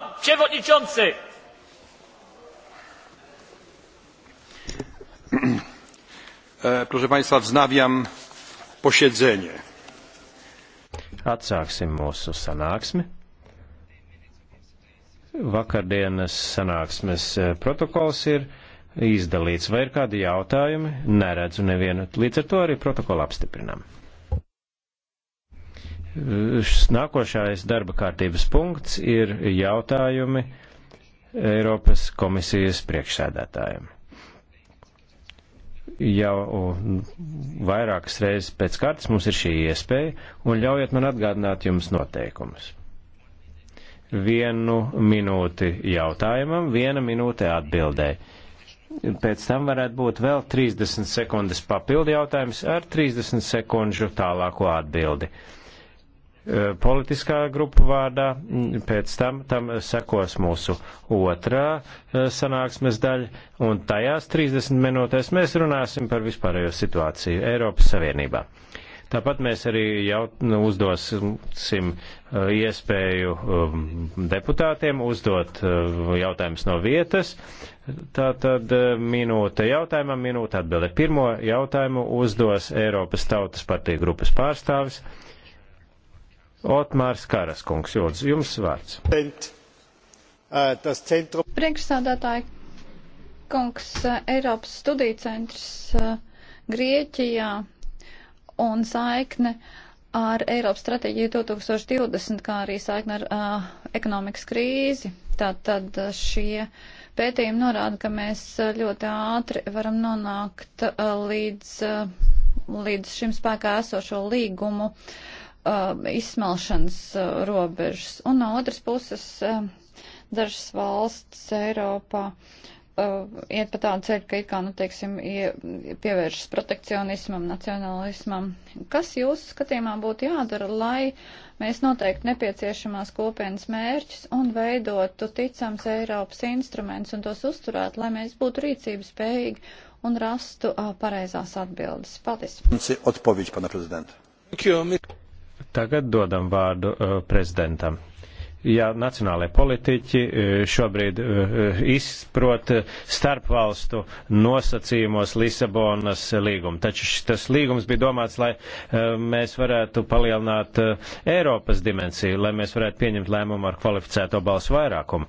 Pan przewodniczący! E, proszę Państwa, wznawiam posiedzenie. Atsāksim mūsu sanāksmi. Vakardienas sanāksmes e, protokols ir izdalīts. Vai ir kādi jautājumi? Neredzu nevienu. Līdz ar to arī protokolu apstiprinām. Nākošais darba kārtības punkts ir jautājumi Eiropas komisijas priekšsēdētājiem. Jau vairākas reizes pēc kārtas mums ir šī iespēja, un ļaujiet man atgādināt jums noteikumus. Vienu minūti jautājumam, viena minūte atbildēji. Pēc tam varētu būt vēl 30 sekundes papildu jautājums ar 30 sekundžu tālāko atbildi. Eh, politiskā grupu vārdā, mm, pēc tam tam sekos mūsu otrā eh, sanāksmes daļa, un tajās 30 minūtēs mēs runāsim par vispārējo situāciju Eiropas Savienībā. Tāpat mēs arī jau nu, uzdosim eh, iespēju um, deputātiem uzdot jautājumus no vietas. Tātad minūte jautājumam, minūte atbildē. Pirmo jautājumu uzdos Eiropas Tautas partija grupas pārstāvis. Otmārs Karaskungs, jūdzu, jums vārds. Priekšsādātāji, kungs, eh, Eiropas studiju centrs eh, Grieķijā un saikne ar Eiropas stratēģiju 2020, kā arī saikne ar uh, ekonomikas krīzi. Tātad šie pētījumi norāda, ka mēs ļoti ātri varam nonākt uh, līdz, uh, līdz šim spēkā esošo līgumu uh, um, izsmelšanas uh, robežas. Un no otras puses, um, dažas valsts Eiropā uh, iet pa tādu ceļu, ka it kā, nu, teiksim, pievēršas protekcionismam, nacionalismam. Kas jūsu skatījumā būtu jādara, lai mēs noteikti nepieciešamās kopienas mērķus un veidotu ticams Eiropas instruments un tos uzturētu, lai mēs būtu rīcības spējīgi un rastu uh, pareizās atbildes? Paldies! Atpoviķi, pana prezidenta. Thank you. Tagad dodam vārdu uh, prezidentam. Ja nacionālai politiķi uh, šobrīd uh, izprot starpvalstu nosacījumos Lisabonas līgumu, taču tas līgums bija domāts, lai mēs varētu palielināt Eiropas dimensiju, lai mēs varētu pieņemt lēmumu ar kvalificēto balsu vairākumu.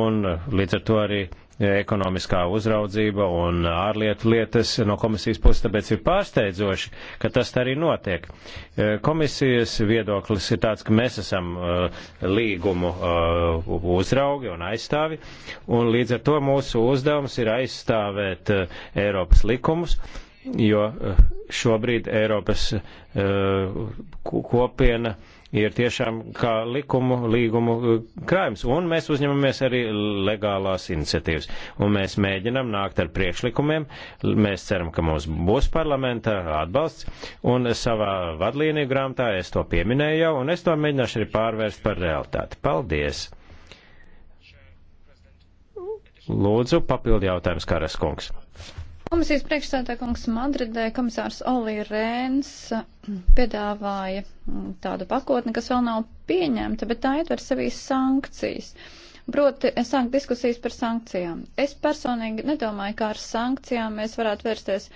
Un līdz ar to arī ekonomiskā uzraudzība un ārlietu lietas no komisijas puses, tāpēc ir pārsteidzoši, ka tas arī notiek. E, komisijas viedoklis ir tāds, ka mēs esam e, līgumu e, uzraugi un aizstāvi, un līdz ar to mūsu uzdevums ir aizstāvēt Eiropas likumus, jo šobrīd Eiropas kopiena ir tiešām kā likumu, līgumu eh, krājums. Un mēs uzņemamies arī legālās iniciatīvas. Un mēs mēģinam nākt ar priekšlikumiem. Mēs ceram, ka mums būs parlamenta atbalsts. Un savā vadlīniju grāmatā es to pieminēju jau, un es to mēģināšu arī pārvērst par realitāti. Paldies! Lūdzu, papildi jautājums, Karas kungs. Komisijas priekšsēdētājs Madridē komisārs Olī Rēns mm, piedāvāja mm, tādu pakotni, kas vēl nav pieņemta, bet tā ietver sevī sankcijas. Proti, es sāku diskusijas par sankcijām. Es personīgi nedomāju, kā ar sankcijām mēs varētu vērsties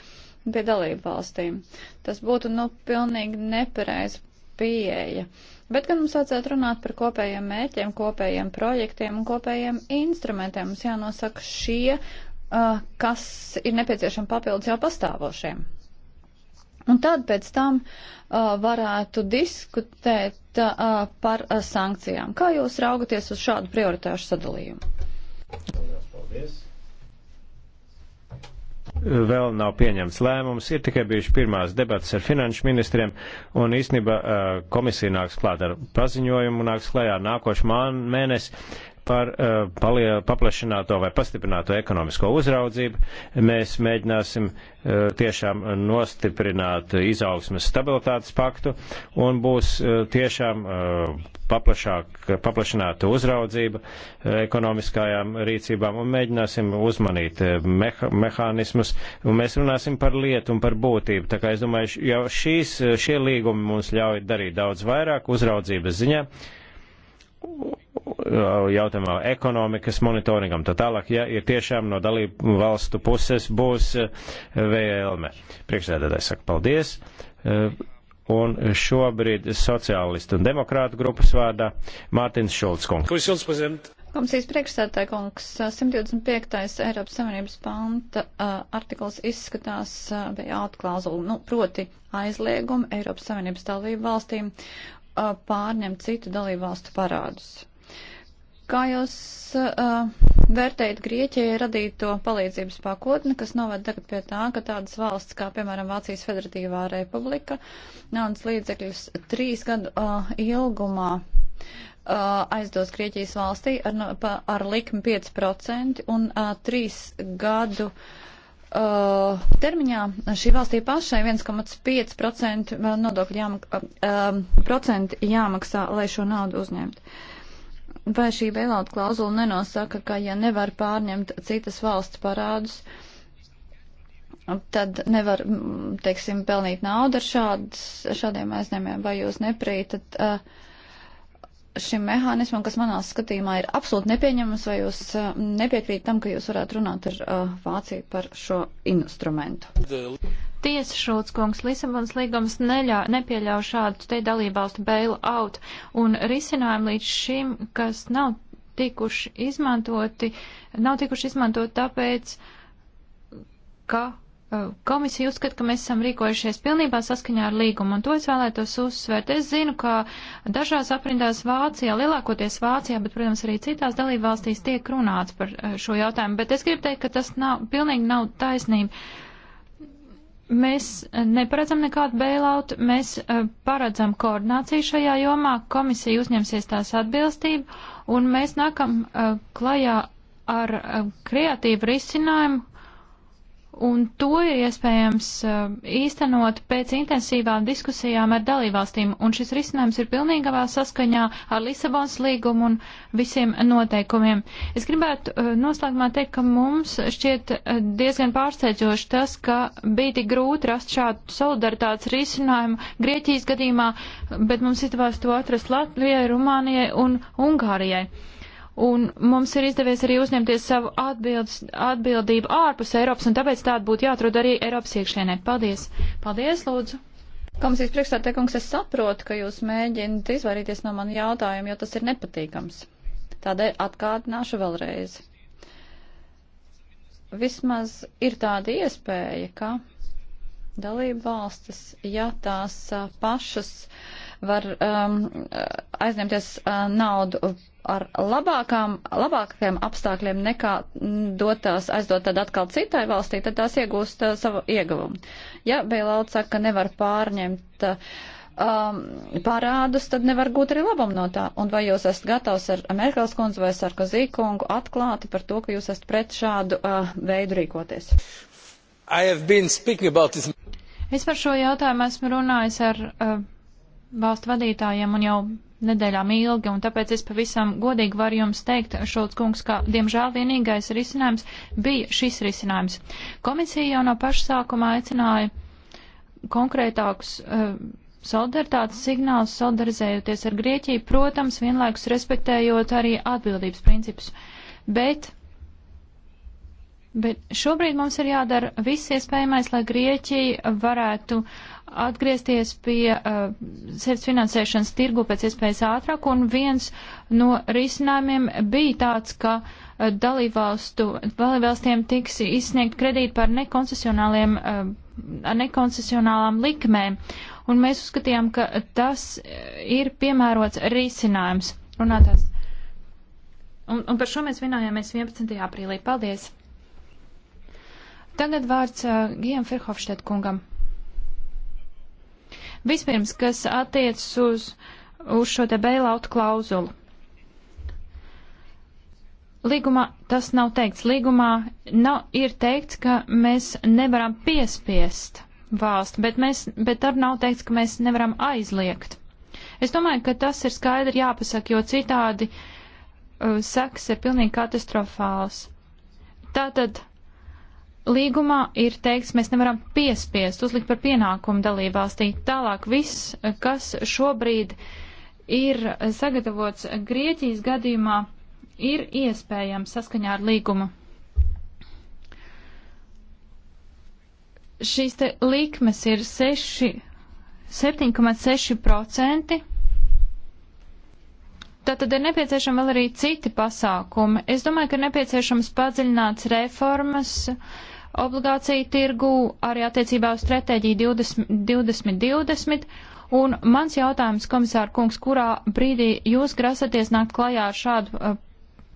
pie dalību valstīm. Tas būtu, nu, pilnīgi nepareizi pieeja. Bet gan mums vajadzētu runāt par kopējiem mērķiem, kopējiem projektiem un kopējiem instrumentiem. Mums jānosaka šie kas ir nepieciešama papildus jau pastāvošiem. Un tad pēc tam uh, varētu diskutēt uh, par uh, sankcijām. Kā jūs raugaties uz šādu prioritāšu sadalījumu? Paldies. Vēl nav pieņemts lēmums, ir tikai bijuši pirmās debatas ar finanšu ministriem, un īstenībā komisija nāks klāt ar paziņojumu, nāks klajā nākošu mēnesi, par eh, palie, paplašināto vai pastiprināto ekonomisko uzraudzību. Mēs mēģināsim eh, tiešām nostiprināt izaugsmes stabilitātes paktu un būs eh, tiešām paplašāk, paplašināta uzraudzība ekonomiskajām rīcībām un mēģināsim uzmanīt meha, mehānismus un mēs runāsim par lietu un par būtību. Tā kā es domāju, jau šīs, šie līgumi mums ļauj darīt daudz vairāk uzraudzības ziņā jautājumā ekonomikas monitoringam, tā tālāk, ja ir tiešām no dalību valstu puses būs eh, vēlme. Priekšsēdētājs saka paldies. Eh, un šobrīd sociālistu un demokrātu grupas vārdā Mārtiņš Šulc kungs. Komisijas priekšsētāja kungs 125. Eh, Eiropas Savienības panta uh, artikls izskatās uh, bija atklauzulu, nu, proti aizliegumu Eiropas Savienības dalību valstīm uh, pārņemt citu dalību valstu parādus. Kā jūs uh, vērtējat Grieķijai radīto palīdzības pakotni, kas noved tagad pie tā, ka tādas valsts kā, piemēram, Vācijas Federatīvā republika naudas līdzekļus trīs gadu uh, ilgumā aizdos Grieķijas valstī ar, ar likmi 5% un uh, 3 gadu uh, termiņā šī valstī pašai 1,5% nodokļu jāmak, uh, jāmaksā, lai šo naudu uzņemtu. Vai šī bailout klauzula nenosaka, ka ja nevar pārņemt citas valsts parādus, tad nevar, teiksim, pelnīt naudu ar šādas, šādiem aizņēmiem, vai jūs neprītat? Uh, šim mehānismam, kas manā skatījumā ir absolūti nepieņemams, vai jūs eh, nepiekrīt tam, ka jūs varētu runāt ar uh, Vāciju par šo instrumentu? Tiesa šūts kungs, Lisabons līgums neļā, nepieļauj šādu te dalībvalstu bail out, un risinājumi līdz šim, kas nav tikuši izmantoti, nav tikuši izmantoti tāpēc, ka Komisija uzskata, ka mēs esam rīkojušies pilnībā saskaņā ar līgumu, un to es vēlētos uzsvērt. Es zinu, ka dažās aprindās Vācijā, lielākoties Vācijā, bet, protams, arī citās dalībvalstīs tiek runāts par eh, šo jautājumu, bet es gribu teikt, ka tas nav, pilnīgi nav taisnība. Mēs eh, neparedzam nekādu bailout, mēs uh, paredzam koordināciju šajā jomā, komisija uzņemsies tās atbilstību, un mēs nākam uh, klajā ar uh, kreatīvu risinājumu, un to ir iespējams eh, īstenot pēc intensīvām diskusijām ar dalībvalstīm, un šis risinājums ir pilnīgavā saskaņā ar Lisabons līgumu un visiem noteikumiem. Es gribētu eh, noslēgumā teikt, ka mums šķiet eh, diezgan pārsteidzoši tas, ka bija tik grūti rast šādu solidaritātes risinājumu Grieķijas gadījumā, bet mums izdevās to atrast Latvijai, Rumānijai un Ungārijai. Un mums ir izdevies arī uzņemties savu atbildes, atbildību ārpus Eiropas, un tāpēc tāda būtu jāatrod arī Eiropas iekšienē. Paldies! Paldies, lūdzu! Komisijas priekšstādā kungs, es saprotu, ka jūs mēģināt izvairīties no manu jautājumu, jo tas ir nepatīkams. Tādēļ atgādināšu vēlreiz. Vismaz ir tāda iespēja, ka dalība valstis, ja tās pašas uh, var um, aizņemties uh, naudu ar labākām, labākajiem apstākļiem nekā mm, dotās, aizdot tad atkal citai valstī, tad tās iegūst uh, savu ieguvumu. Ja Bēlaut saka, ka nevar pārņemt uh, um, parādus, tad nevar gūt arī labumu no tā. Un vai jūs esat gatavs ar Merkels kundzi vai Sarkozī kungu atklāti par to, ka jūs esat pret šādu uh, veidu rīkoties? Es par šo jautājumu esmu runājis ar uh, valstu vadītājiem un jau nedēļām ilgi, un tāpēc es pavisam godīgi varu jums teikt, Šulc kungs, ka diemžēl vienīgais risinājums bija šis risinājums. Komisija jau no paša sākuma aicināja konkrētākus uh, solidaritātes signālus, solidarizējoties ar Grieķiju, protams, vienlaikus respektējot arī atbildības principus. Bet Bet šobrīd mums ir jādara viss iespējamais, lai Grieķija varētu atgriezties pie uh, sirds finansēšanas tirgu pēc iespējas ātrāk, un viens no risinājumiem bija tāds, ka uh, dalībvalstiem tiks izsniegt kredīti par nekoncesionāliem, uh, nekoncesionālām likmēm, un mēs uzskatījām, ka tas uh, ir piemērots risinājums. Runātās. Un, un par šo mēs vienojāmies 11. aprīlī. Paldies! Tagad vārds uh, Gijam Ferhofštet kungam. Vispirms, kas attiecas uz, uz šo te bailout klauzulu. Līgumā tas nav teikts. Līgumā nav, ir teikts, ka mēs nevaram piespiest valsti, bet, mēs, bet ar nav teikts, ka mēs nevaram aizliegt. Es domāju, ka tas ir skaidri jāpasaka, jo citādi uh, seks ir pilnīgi katastrofāls. Tātad Līgumā ir teikts, mēs nevaram piespiest, uzlikt par pienākumu dalībvalstī. Tālāk viss, kas šobrīd ir sagatavots Grieķijas gadījumā, ir iespējams saskaņā ar līgumu. Šīs te likmes ir 7,6%. Tātad ir nepieciešami vēl arī citi pasākumi. Es domāju, ka ir nepieciešams padziļināts reformas, uh, obligāciju tirgu, arī attiecībā uz stratēģiju 2020. 2020 un mans jautājums, komisāra kungs, kurā brīdī jūs grasaties nākt klajā ar šādu uh,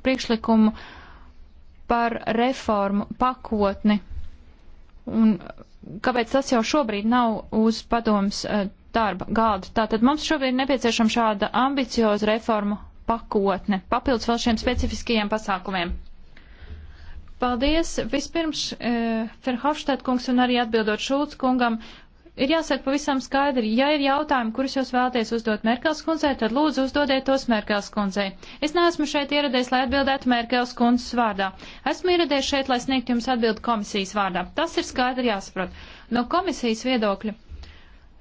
priekšlikumu par reformu pakotni? Un kāpēc tas jau šobrīd nav uz padoms uh, darba galda? Tātad mums šobrīd nepieciešama šāda ambicioza reformu pakotne, papildus vēl šiem specifiskajiem pasākumiem. Paldies! Vispirms, e, Ferhofštēt kungs un arī atbildot Šulc kungam, ir jāsaka pavisam skaidri, ja ir jautājumi, kurus jūs vēlaties uzdot Merkels kundzei, tad lūdzu uzdodiet tos Merkels kundzei. Es neesmu šeit ieradies, lai atbildētu Merkels kundzes vārdā. Esmu ieradies šeit, lai sniegtu jums atbildi komisijas vārdā. Tas ir skaidri jāsaprot. No komisijas viedokļa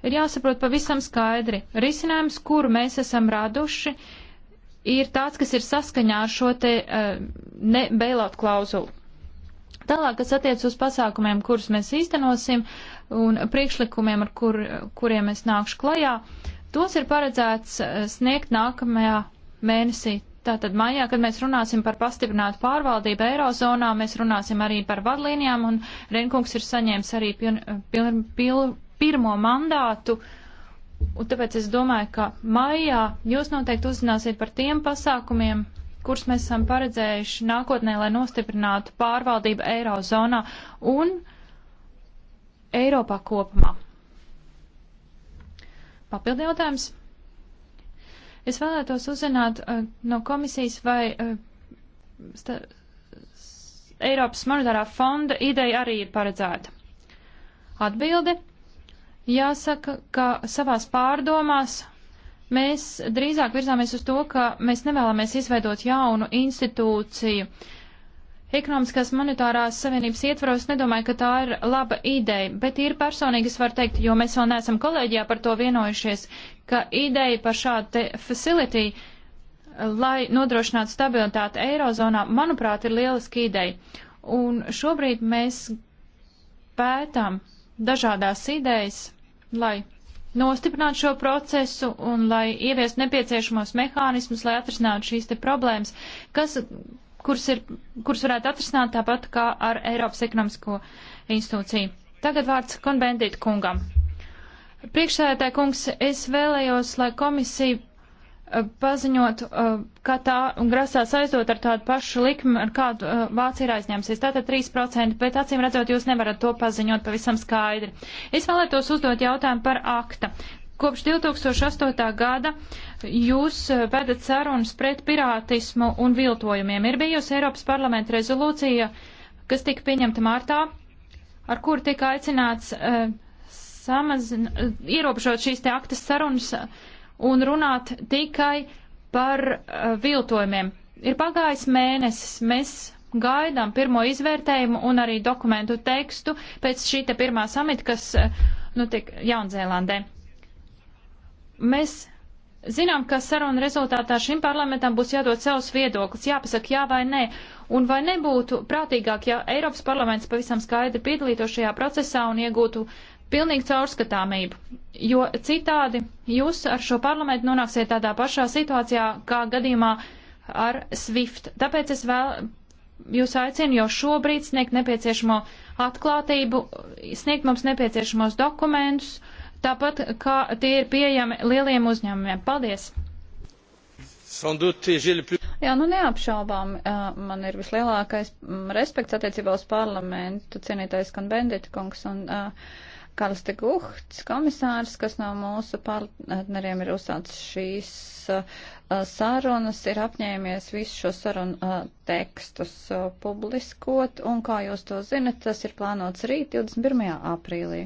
ir jāsaprot pavisam skaidri. Risinājums, kuru mēs esam raduši, ir tāds, kas ir saskaņā ar šo te uh, bailout klauzulu. Tālāk, kas attiec uz pasākumiem, kurus mēs īstenosim un priekšlikumiem, ar kur, kuriem es nākšu klajā, tos ir paredzēts eh, sniegt nākamajā mēnesī. Tātad maijā, kad mēs runāsim par pastiprinātu pārvaldību Eirozonā, mēs runāsim arī par vadlīnijām, un Renkungs ir saņēmis arī pil, pil, pil, pirmo mandātu. Un tāpēc es domāju, ka maijā jūs noteikti uzzināsiet par tiem pasākumiem, kurus mēs esam paredzējuši nākotnē, lai nostiprinātu pārvaldību Eirozonā un Eiropā kopumā. Papildi jautājums. Es vēlētos uzzināt uh, no komisijas, vai uh, sta, Eiropas monetārā fonda ideja arī ir paredzēta. Atbilde. Jāsaka, ka savās pārdomās Mēs drīzāk virzāmies uz to, ka mēs nevēlamies izveidot jaunu institūciju. Ekonomiskās monetārās savienības ietvaros nedomāju, ka tā ir laba ideja, bet ir personīgi, es varu teikt, jo mēs vēl neesam kolēģijā par to vienojušies, ka ideja par šādu facility, lai nodrošinātu stabilitāti Eirozonā, manuprāt, ir lieliski ideja. Un šobrīd mēs pētām dažādās idejas, lai nostiprināt šo procesu un lai ieviest nepieciešamos mehānismus, lai atrisinātu šīs te problēmas, kas, kuras, ir, kuras varētu atrisināt tāpat kā ar Eiropas ekonomisko institūciju. Tagad vārds konbendīt kungam. Priekšsēdētāj kungs, es vēlējos, lai komisija Uh, paziņot, uh, ka tā grasās aizdot ar tādu pašu likmi, ar kādu uh, Vācija ir aizņēmusies. Tātad 3%, bet acīm redzot, jūs nevarat to paziņot pavisam skaidri. Es vēlētos uzdot jautājumu par akta. Kopš 2008. gada jūs vedat sarunas pret pirātismu un viltojumiem. Ir bijusi Eiropas parlamenta rezolūcija, kas tika pieņemta martā, ar kuru tika aicināts uh, samazin, uh, ierobežot šīs te aktas sarunas. Uh, un runāt tikai par uh, viltojumiem. Ir pagājis mēnesis, mēs gaidām pirmo izvērtējumu un arī dokumentu tekstu pēc šīta pirmā samita, kas notiek eh, nu, Jaunzēlandē. Mēs zinām, ka saruna rezultātā šim parlamentam būs jādod savs viedoklis, jāpasaka jā vai nē. Un vai nebūtu prātīgāk, ja Eiropas parlaments pavisam skaidri piedalītos šajā procesā un iegūtu uh, pilnīgu caurskatāmību, jo citādi jūs ar šo parlamentu nonāksiet tādā pašā situācijā kā gadījumā ar SWIFT. Tāpēc es vēl jūs aicinu jau šobrīd sniegt nepieciešamo atklātību, sniegt mums nepieciešamos dokumentus, tāpat kā tie ir pieejami lieliem uzņēmumiem. Paldies! Jā, nu neapšaubām man ir vislielākais mm, respekts attiecībā uz parlamentu cienītais konbendita kungs un uh, Karls de Guhts, komisārs, kas no mūsu partneriem ir uzsācis šīs uh, sarunas, ir apņēmies visu šo sarunu uh, tekstus uh, publiskot, un, kā jūs to zinat, tas ir plānots rīt 21. aprīlī.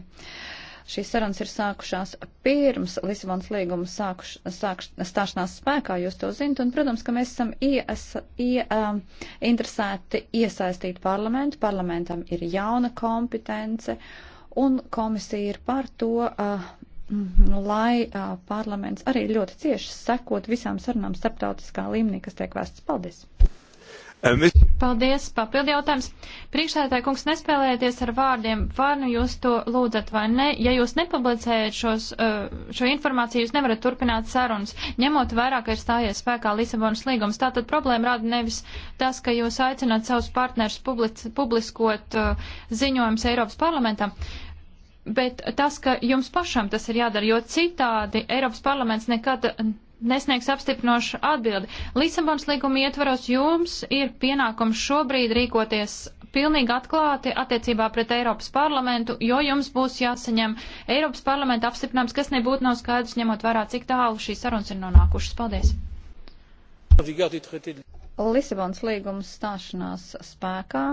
Šīs sarunas ir sākušās pirms Lisabons līguma sākuš, sākuš, stāšanās spēkā, jūs to zinat, un, protams, ka mēs esam ies, ie, um, interesēti iesaistīt parlamentu. Parlamentam ir jauna kompetence. Uh, Un komisija ir par to, lai parlaments arī ļoti cieši sekot visām sarunām starptautiskā līmenī, kas tiek vēstas. Paldies! Paldies, papildi jautājums. Priekšsēdētāji kungs, nespēlējieties ar vārdiem, vai nu jūs to lūdzat vai ne. Ja jūs nepublicējat šos, šo informāciju, jūs nevarat turpināt sarunas, ņemot vērā, ka ir stājies spēkā Lisabonas līgums. Tātad problēma rada nevis tas, ka jūs aicināt savus partnerus public, publiskot ziņojumus Eiropas parlamentam bet tas, ka jums pašam tas ir jādara, jo citādi Eiropas parlaments nekad nesniegs apstiprinošu atbildi. Lisabons līguma ietvaros jums ir pienākums šobrīd rīkoties pilnīgi atklāti attiecībā pret Eiropas parlamentu, jo jums būs jāsaņem Eiropas parlamenta apstiprinājums, kas nebūtu nav skaidrs, ņemot vērā, cik tālu šīs sarunas ir nonākušas. Paldies! Lisabons līgums stāšanās spēkā.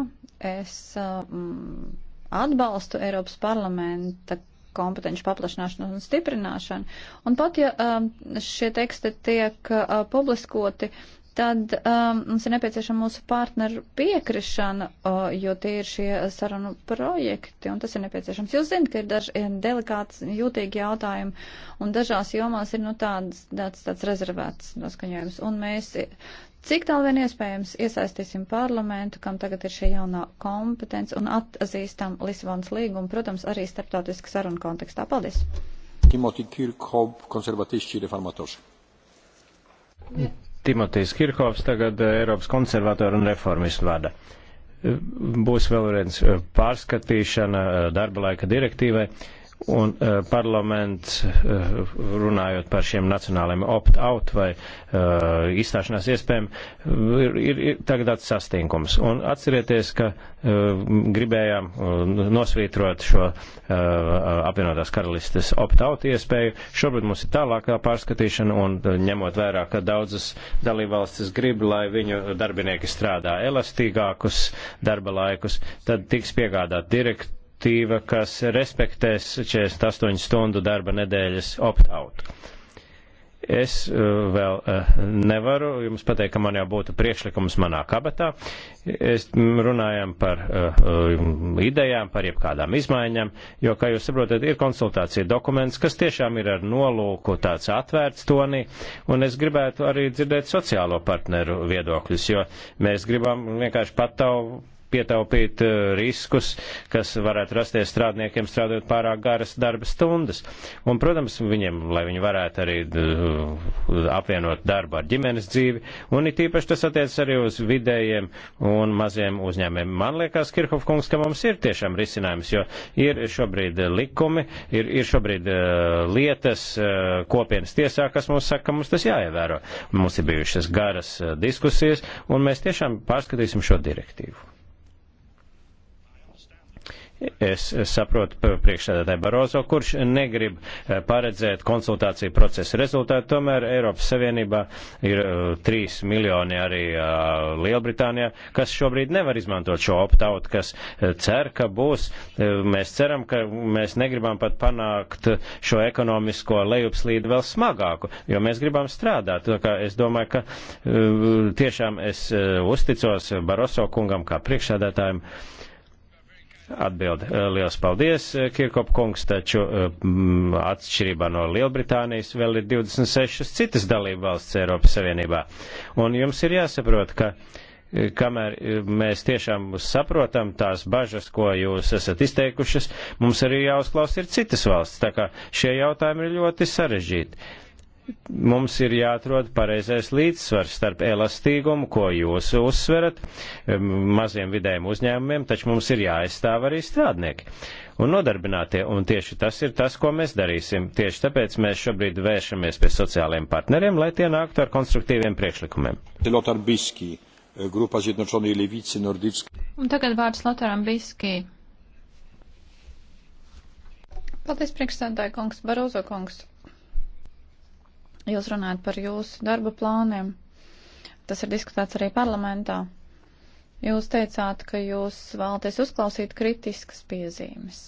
Es um, atbalstu Eiropas parlamenta kompetenci paplašināšanu un stiprināšanu. Un pat ja um, šie teksti tiek uh, publiskoti, tad um, mums ir nepieciešama mūsu partneru piekrišana, uh, jo tie ir šie sarunu projekti, un tas ir nepieciešams. Jūs zinat, ka ir daži eh, delikāts, jūtīgi jautājumi, un dažās jomās ir nu, tāds, tāds, tāds rezervēts noskaņojums. Un mēs, eh, cik tālu vien iespējams, iesaistīsim parlamentu, kam tagad ir šī jaunā kompetence, un atzīstam Lisabons līgumu, protams, arī starptautiska saruna kontekstā. Paldies! Timothy Kirkhope, konservatīši reformatorši. Yeah. Timotejs Kirkovs tagad eh, Eiropas konservatora un reformistu vada. Eh, būs vēl viens eh, pārskatīšana darba laika direktīvai. Un uh, eh, parlaments, uh, eh, runājot par šiem nacionāliem opt-out vai uh, izstāšanās iespējām, ir, ir, ir tagad tāds sastinkums. Un atcerieties, ka uh, gribējām uh, nosvītrot šo uh, apvienotās karalistes opt-out iespēju. Šobrīd mums ir tālākā pārskatīšana un uh, ņemot vērā, ka daudzas dalībvalstis grib, lai viņu darbinieki strādā elastīgākus darba laikus, tad tiks piegādāt direktīvi direktīva, kas respektēs 48 stundu darba nedēļas opt-out. Es uh, vēl uh, nevaru jums pateikt, ka man jau būtu priekšlikums manā kabatā. Es mm, runājam par uh, um, idejām, par jebkādām izmaiņām, jo, kā jūs saprotat, ir konsultācija dokuments, kas tiešām ir ar nolūku tāds atvērts tonī, un es gribētu arī dzirdēt sociālo partneru viedokļus, jo mēs gribam vienkārši patau pietaupīt eh, riskus, kas varētu rasties strādniekiem strādājot pārāk garas darba stundas. Un, protams, viņiem, lai viņi varētu arī eh, apvienot darbu ar ģimenes dzīvi, un it īpaši tas attiec arī uz vidējiem un maziem uzņēmiem. Man liekas, Kirchhoff kungs, ka mums ir tiešām risinājums, jo ir šobrīd eh, likumi, ir, ir šobrīd lietas kopienas tiesā, kas mums saka, ka mums tas jāievēro. Mums ir bijušas garas diskusijas, un mēs tiešām pārskatīsim šo direktīvu. Es saprotu priekšsēdētāju Barozo, kurš negrib eh, paredzēt konsultāciju procesa rezultātu. Tomēr Eiropas Savienībā ir 3 eh, miljoni arī eh, Lielbritānijā, kas šobrīd nevar izmantot šo optautu, kas cer, ka būs. Mēs ceram, ka mēs negribam pat panākt šo ekonomisko lejupslīdu vēl smagāku, jo mēs gribam strādāt. Es domāju, ka tiešām es uzticos Barozo kungam kā priekšsēdētājiem. Atbilde. Eh, liels paldies, eh, Kirkop kungs, taču eh, mm, atšķirībā no Lielbritānijas vēl ir 26 citas dalība valsts Eiropas Savienībā. Un jums ir jāsaprot, ka kamēr mēs tiešām saprotam tās bažas, ko jūs esat izteikušas, mums arī jāuzklaus ir citas valsts. Tā kā šie jautājumi ir ļoti sarežģīti mums ir jāatrod pareizais līdzsvars starp elastīgumu, ko jūs uzsverat maziem vidējiem uzņēmumiem, taču mums ir jāaizstāv arī strādnieki un nodarbinātie, un tieši tas ir tas, ko mēs darīsim. Tieši tāpēc mēs šobrīd vēršamies pie sociālajiem partneriem, lai tie nāktu ar konstruktīviem priekšlikumiem. Un tagad vārds Lotaram Biskī. Paldies, priekšstādāja kungs, Barozo kungs. Jūs runājat par jūsu darba plāniem. Tas ir diskutēts arī parlamentā. Jūs teicāt, ka jūs vēlaties uzklausīt kritiskas piezīmes.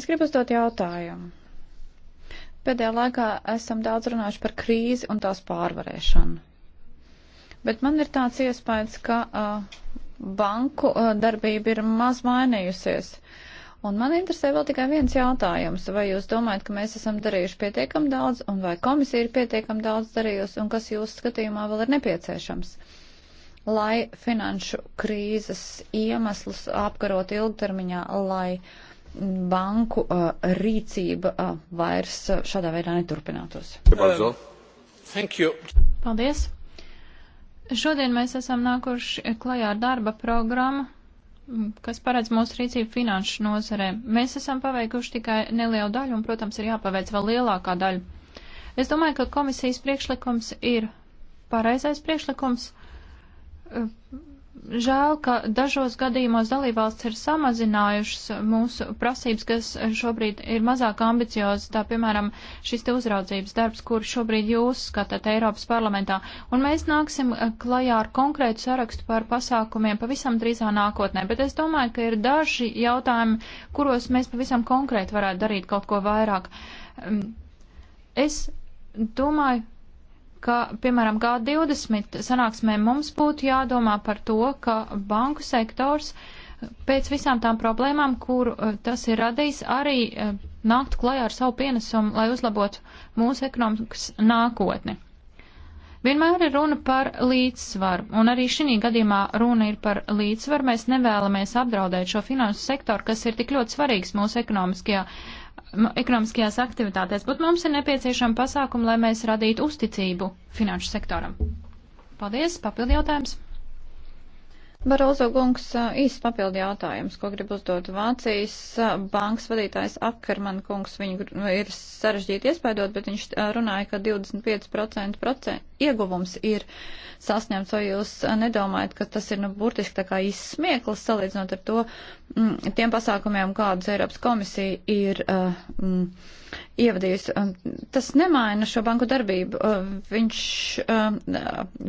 Es gribu uzdot jautājumu. Pēdējā laikā esam daudz runājuši par krīzi un tās pārvarēšanu. Bet man ir tāds iespējas, ka uh, banku uh, darbība ir maz mainījusies. Uh, Un man interesē vēl tikai viens jautājums. Vai jūs domājat, ka mēs esam darījuši pietiekam daudz, un vai komisija ir pietiekam daudz darījusi, un kas jūsu skatījumā vēl ir nepieciešams? Lai finanšu krīzes iemeslus apkarot ilgtermiņā, lai banku uh, rīcība uh, vairs uh, šādā veidā neturpinātos. Uh, Paldies! Šodien mēs esam nākuši klajā ar darba programmu Mm, kas paredz mūsu rīcību finanšu nozarē. Mēs esam paveikuši tikai nelielu daļu, un, protams, ir jāpaveic vēl lielākā daļa. Es domāju, ka komisijas priekšlikums ir pareizais priekšlikums. Mm, žēl, ka dažos gadījumos dalībvalsts ir samazinājušas mūsu prasības, kas šobrīd ir mazāk ambiciozas, tā piemēram šis te uzraudzības darbs, kur šobrīd jūs skatāt Eiropas parlamentā. Un mēs nāksim klajā ar konkrētu sarakstu par pasākumiem pavisam drīzā nākotnē, bet es domāju, ka ir daži jautājumi, kuros mēs pavisam konkrēti varētu darīt kaut ko vairāk. Es domāju, ka, piemēram, G20 sanāksmē mums būtu jādomā par to, ka banku sektors pēc visām tām problēmām, kur eh, tas ir radījis, arī eh, nāktu klajā ar savu pienesumu, lai uzlabotu mūsu ekonomikas nākotni. Vienmēr ir runa par līdzsvaru, un arī šī gadījumā runa ir par līdzsvaru. Mēs nevēlamies apdraudēt šo finansu sektoru, kas ir tik ļoti svarīgs mūsu ekonomiskajā uh, Nu, ekonomiskajās aktivitātēs, bet mums ir nepieciešama pasākuma, lai mēs radītu uzticību finanšu sektoram. Paldies, papildi jautājums. Barozo kungs īsts papildu jautājums, ko grib uzdot Vācijas bankas vadītājs Akerman kungs. Viņu nu, ir sarežģīti iespaidot, bet viņš runāja, ka 25% procent ieguvums ir sasniegts. Vai jūs nedomājat, ka tas ir nu, burtiski tā kā izsmieklis salīdzinot ar to, m, mm, tiem pasākumiem, kādus Eiropas komisija ir. Uh, m, mm, ievadījis. Um, tas nemaina šo banku darbību. Um, viņš, um,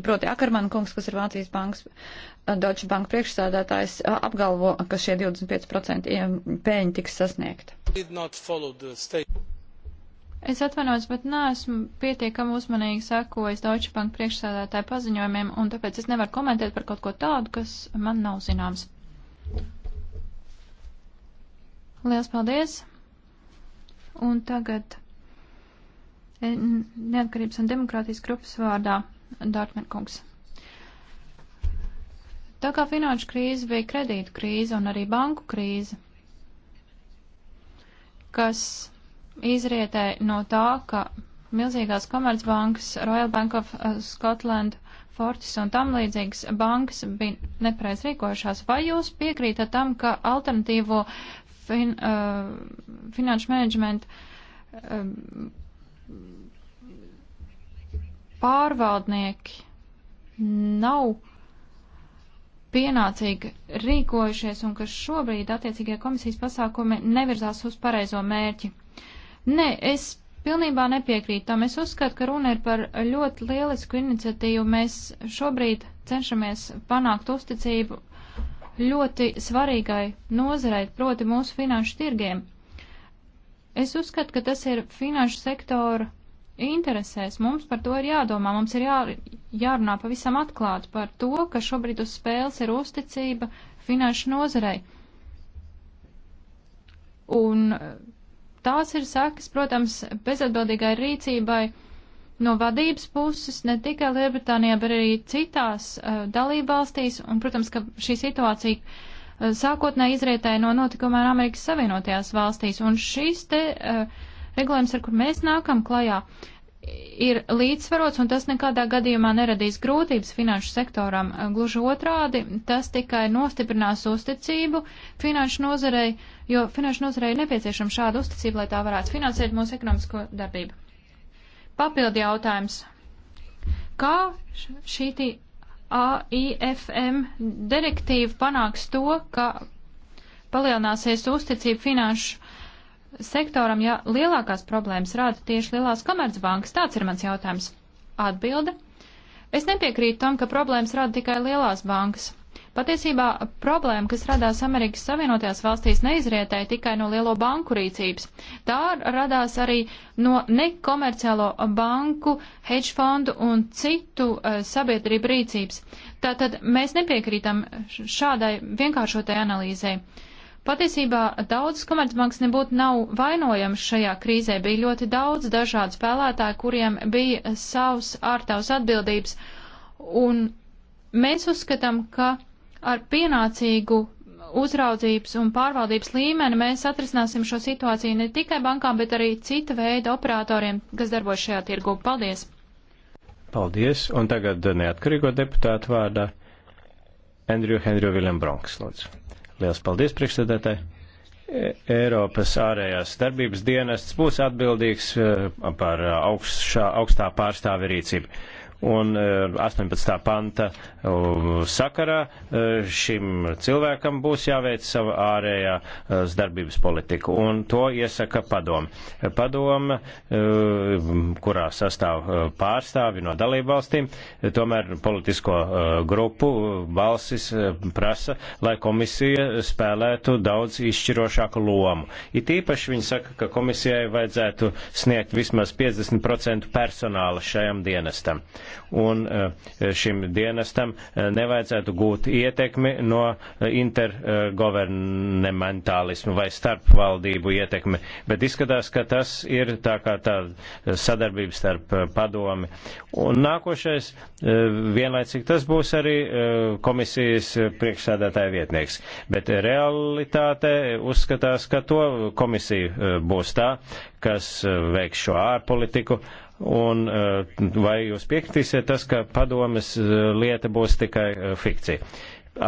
proti, Akarman kungs, kas ir Vācijas bankas, uh, Deutsche Bank priekšsādātājs, uh, apgalvo, ka šie 25% pēļņi tiks sasniegti. Es atvainojos, bet neesmu pietiekami uzmanīgi sekojis Deutsche Bank priekšsādātāja paziņojumiem, un tāpēc es nevaru komentēt par kaut ko tādu, kas man nav zināms. Lielas paldies! Un tagad e, neatkarības un demokrātijas grupas vārdā Dārtmerkungs. Tā kā finanšu krīze bija kredītu krīze un arī banku krīze, kas izrietē no tā, ka milzīgās komercbankas, Royal Bank of uh, Scotland, Fortis un tam līdzīgas bankas bija nepareiz rīkojušās. Vai jūs piekrītat tam, ka alternatīvo fin, uh, finanšu menedžmenta uh, um, pārvaldnieki nav pienācīgi rīkojušies un ka šobrīd attiecīgie komisijas pasākumi nevirzās uz pareizo mērķi. Nē, es pilnībā nepiekrītu tam. Es uzskatu, ka runa ir par ļoti lielisku iniciatīvu. Mēs šobrīd cenšamies panākt uzticību ļoti svarīgai nozarei, proti mūsu finanšu tirgiem. Es uzskatu, ka tas ir finanšu sektora interesēs. Mums par to ir jādomā. Mums ir jā, jārunā pavisam atklāti par to, ka šobrīd uz spēles ir uzticība finanšu nozarei. Un tās ir sekas, protams, bezatbildīgai rīcībai no vadības puses, ne tikai Lielbritānijā, bet arī citās uh, dalībvalstīs, un, protams, ka šī situācija uh, sākotnēji izrietēja no notikumiem Amerikas Savienotajās valstīs, un šis te uh, regulējums, ar kur mēs nākam klajā, ir līdzsvarots, un tas nekādā gadījumā neradīs grūtības finanšu sektoram. Gluži otrādi, tas tikai nostiprinās uzticību finanšu nozarei, jo finanšu nozarei ir nepieciešama šāda uzticība, lai tā varētu finansēt mūsu ekonomisko darbību. Papildi jautājums. Kā šī AIFM direktīva panāks to, ka palielināsies uzticība finanšu sektoram, ja lielākās problēmas rāda tieši lielās komercbankas? Tāds ir mans jautājums. Atbilde. Es nepiekrītu tam, ka problēmas rada tikai lielās bankas. Patiesībā problēma, kas radās Amerikas Savienotajās valstīs, neizrietēja tikai no lielo banku rīcības. Tā radās arī no nekomerciālo banku, hedge fondu un citu uh, sabiedrību rīcības. Tātad mēs nepiekrītam šādai vienkāršotai analīzei. Patiesībā daudzas komercbankas nebūtu nav vainojams šajā krīzē. Bija ļoti daudz dažādu spēlētāju, kuriem bija savs ārtavs atbildības. Un mēs uzskatām, ka ar pienācīgu uzraudzības un pārvaldības līmeni mēs atrisināsim šo situāciju ne tikai bankām, bet arī cita veida operatoriem, kas darbojas šajā tirgu. Paldies! Paldies! Un tagad neatkarīgo deputātu vārdā Andriju Henriju Viljam Bronks, lūdzu. Liels paldies, priekšsēdētāji! E, Eiropas ārējās darbības dienests būs atbildīgs e, par augstā, augstā pārstāvi rīcību un 18. E, panta sakarā e, šim cilvēkam būs jāveic sava ārējā e, darbības politika, un to iesaka padoma. Padoma, kurā sastāv pārstāvi no dalībvalstīm, tomēr politisko grupu balsis prasa, lai komisija spēlētu daudz izšķirošāku lomu. It īpaši viņi saka, ka komisijai vajadzētu sniegt vismaz 50% personāla šajam dienestam. Uh, un eh, šim dienestam eh, nevajadzētu gūt ietekmi no eh, intergovernmentālismu vai starpvaldību ietekmi, bet izskatās, ka tas ir tā kā tā sadarbība starp padomi. Un nākošais, vienlaicīgi tas būs arī komisijas priekšsēdētāja vietnieks, bet realitāte uzskatās, ka to komisija būs tā, kas veiks šo ārpolitiku, Un eh, vai jūs piekritīsiet tas, ka padomes eh, lieta būs tikai eh, fikcija?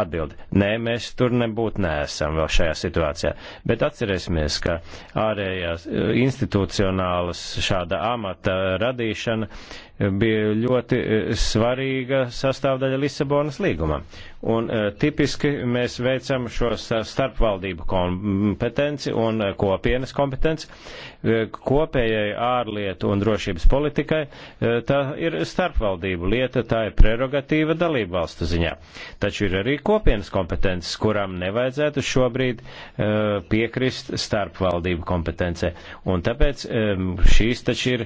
Atbildi. Nē, mēs tur nebūtu neesam vēl šajā situācijā. Bet atcerēsimies, ka ārējās institucionālas šāda amata radīšana bija ļoti e, svarīga sastāvdaļa Lisabonas līgumam. Un e, tipiski mēs veicam šo starpvaldību kompetenci un e, kopienas kompetenci kopējai ārlietu un drošības politikai. Tā ir starpvaldību lieta, tā ir prerogatīva dalību valstu ziņā. Taču ir arī kopienas kompetences, kurām nevajadzētu šobrīd piekrist starpvaldību kompetencē. Un tāpēc šīs taču ir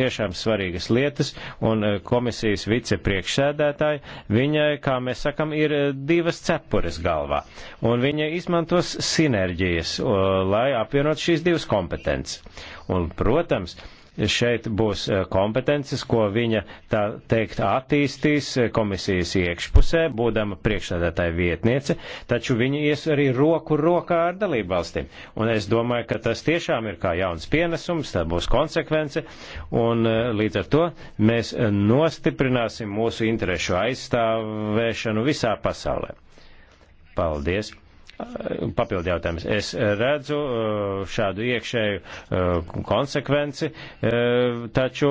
tiešām svarīgas lietas lietas, un eh, komisijas vicepriekšsēdētāji, viņai, kā mēs sakam, ir eh, divas cepures galvā, un viņa izmantos sinerģijas, lai apvienot šīs divas kompetences. Un, protams, šeit būs eh, kompetences, ko viņa, tā teikt, attīstīs eh, komisijas iekšpusē, būdama priekšsēdētāja vietniece, taču viņa ies arī roku rokā ar dalībvalstīm. Un es domāju, ka tas tiešām ir kā jauns pienesums, tā būs konsekvence, un eh, līdz ar to mēs nostiprināsim mūsu interešu aizstāvēšanu visā pasaulē. Paldies! Papildu jautājums. Es redzu uh, šādu iekšēju uh, konsekvenci, uh, taču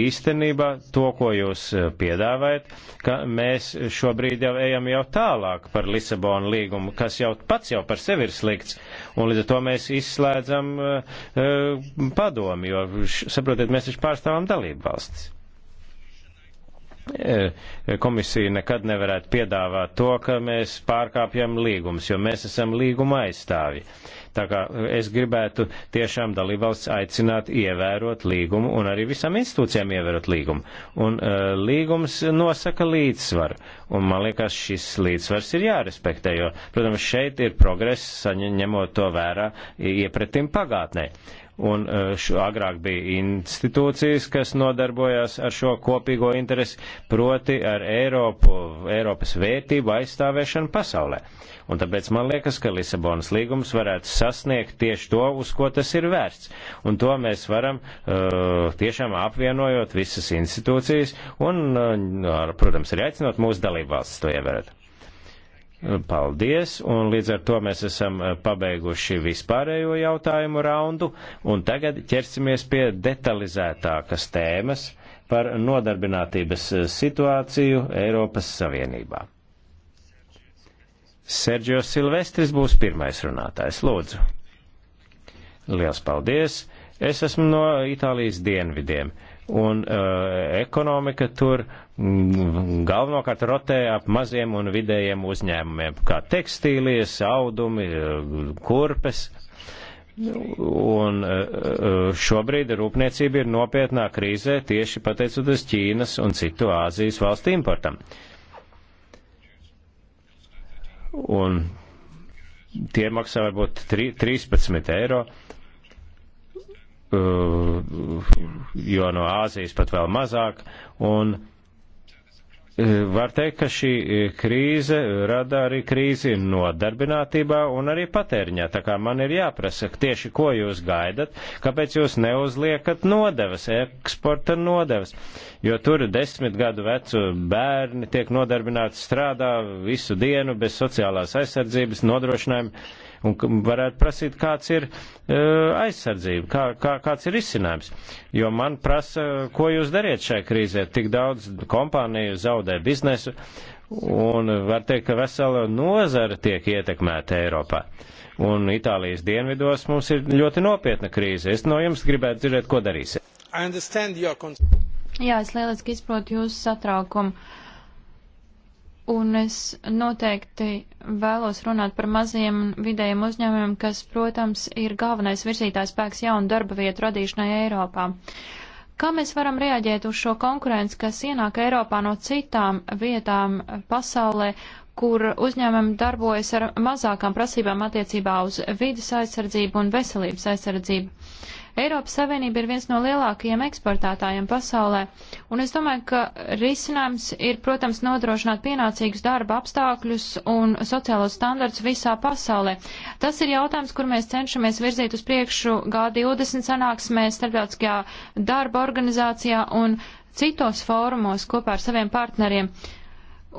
īstenībā to, ko jūs piedāvājat, ka mēs šobrīd jau ejam jau tālāk par Lisabonu līgumu, kas jau pats jau par sevi ir slikts, un līdz ar to mēs izslēdzam padomi, jo, saprotiet, mēs taču pārstāvam dalību valstis. E, komisija nekad nevarētu piedāvāt to, ka mēs pārkāpjam līgumus, jo mēs esam līguma aizstāvi. Tā kā es gribētu tiešām dalībvalsts aicināt ievērot līgumu un arī visām institūcijām ievērot līgumu. Un uh, līgums nosaka līdzsvaru. Un man liekas, šis līdzsvars ir jārespektē, jo, protams, šeit ir progress, saņemot to vērā iepretim pagātnē un e, šo agrāk bija institūcijas, kas nodarbojās ar šo kopīgo interesi, proti ar Eiropu, Eiropas vērtību aizstāvēšanu pasaulē. Un tāpēc man liekas, ka Lisabonas līgums varētu sasniegt tieši to, uz ko tas ir vērsts. Un to mēs varam uh, tiešām apvienojot visas institūcijas un, uh, ar, protams, arī aicinot mūsu dalībvalstis to ievērot. Paldies, un līdz ar to mēs esam eh, pabeiguši vispārējo jautājumu raundu, un tagad ķersimies pie detalizētākas tēmas par nodarbinātības eh, situāciju Eiropas Savienībā. Sergio Silvestris būs pirmais runātājs, lūdzu. Liels paldies! Es esmu no Itālijas dienvidiem. Uh, un uh, ekonomika tur mm, galvenokārt rotē ap maziem un vidējiem uzņēmumiem, kā tekstīlies, audumi, eh, kurpes. Un eh, šobrīd rūpniecība ir nopietnā krīzē tieši pateicoties Ķīnas un citu Āzijas valstu importam. Un tie maksā varbūt 13 eiro. Uh, Eh, jo no Āzijas pat vēl mazāk, un eh, var teikt, ka šī eh, krīze rada arī krīzi nodarbinātībā un arī patēriņā. Tā kā man ir jāprasa, tieši ko jūs gaidat, kāpēc jūs neuzliekat nodevas, eksporta nodevas, jo tur desmit gadu vecu bērni tiek nodarbināti strādā visu dienu bez sociālās aizsardzības nodrošinājuma Un varētu prasīt, kāds ir e, aizsardzība, kā, kā, kāds ir izcinājums. Jo man prasa, ko jūs dariet šajā krīzē. Tik daudz kompāniju zaudē biznesu un var teikt, ka vesela nozara tiek ietekmēta Eiropā. Un Itālijas dienvidos mums ir ļoti nopietna krīze. Es no jums gribētu dzirdēt, ko darīsiet. Your... Jā, es lieliski izprotu jūsu satraukumu. Uh, Un es noteikti vēlos runāt par maziem un vidējiem uzņēmumiem, kas, protams, ir galvenais virzītājs spēks jaunu darba vietu radīšanai Eiropā. Kā mēs varam reaģēt uz šo konkurenci, kas ienāk Eiropā no citām vietām pasaulē, kur uzņēmumi darbojas ar mazākām prasībām attiecībā uz vidas aizsardzību un veselības aizsardzību? Eiropas Savienība ir viens no lielākajiem eksportētājiem pasaulē, un es domāju, ka risinājums ir, protams, nodrošināt pienācīgus darba apstākļus un sociālos standarts visā pasaulē. Tas ir jautājums, kur mēs cenšamies virzīt uz priekšu G20 sanāksmē, starptautiskajā darba organizācijā un citos fórumos kopā ar saviem partneriem.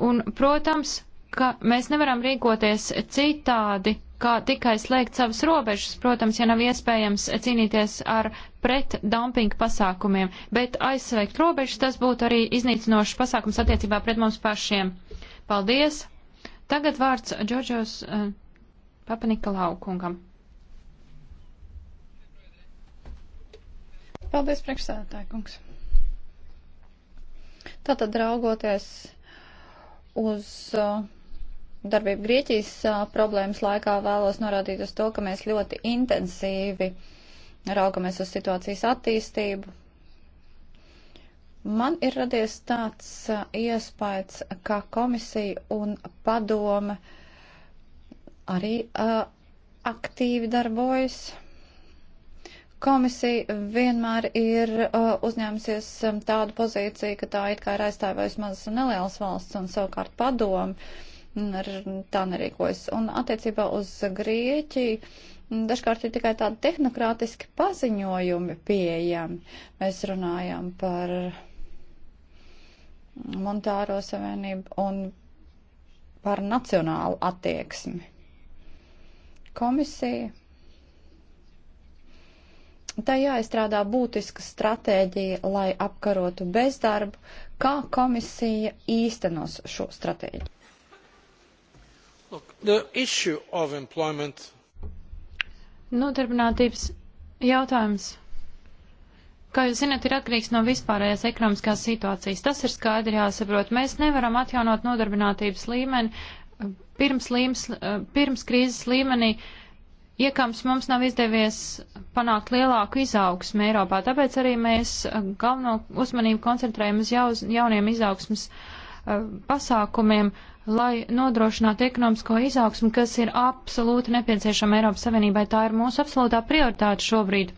Un, protams, ka mēs nevaram rīkoties citādi, kā tikai slēgt savas robežas, protams, ja nav iespējams cīnīties ar pret dumpinga pasākumiem, bet aizslēgt robežas, tas būtu arī iznīcinošs pasākums attiecībā pret mums pašiem. Paldies! Tagad vārds Džordžos uh, eh, Papanika Laukungam. Paldies, priekšsēdētāji kungs. Tātad raugoties uz uh, darbību Grieķijas problēmas laikā vēlos norādīt uz to, ka mēs ļoti intensīvi raugamies uz situācijas attīstību. Man ir radies tāds iespējas, ka komisija un padome arī uh, aktīvi darbojas komisija vienmēr ir uh, uzņēmusies um, tādu pozīciju, ka tā it kā ir aizstāvējusi mazas un nelielas valsts un savukārt padomu tā nerīkojas. Un attiecībā uz Grieķiju. Dažkārt ir tikai tādi tehnokrātiski paziņojumi pieejami. Mēs runājam par monetāro savienību un par nacionālu attieksmi. Komisija. Tā jāizstrādā būtiska stratēģija, lai apkarotu bezdarbu. Kā komisija īstenos šo stratēģiju? Look, the issue of employment. Nodarbinātības jautājums. Kā jūs zināt, ir atkarīgs no vispārējās ekonomiskās situācijas. Tas ir skaidri jāsaprot. Mēs nevaram atjaunot nodarbinātības līmeni eh, pirms, līmes, eh, pirms krīzes līmenī. Iekams mums nav izdevies panākt lielāku izaugsmu Eiropā, tāpēc arī mēs eh, galveno uzmanību koncentrējam uz jauniem izaugsmas pasākumiem. Uh, lai nodrošinātu ekonomisko izaugsmu, kas ir absolūti nepieciešama Eiropas Savienībai. Tā ir mūsu absolūtā prioritāte šobrīd.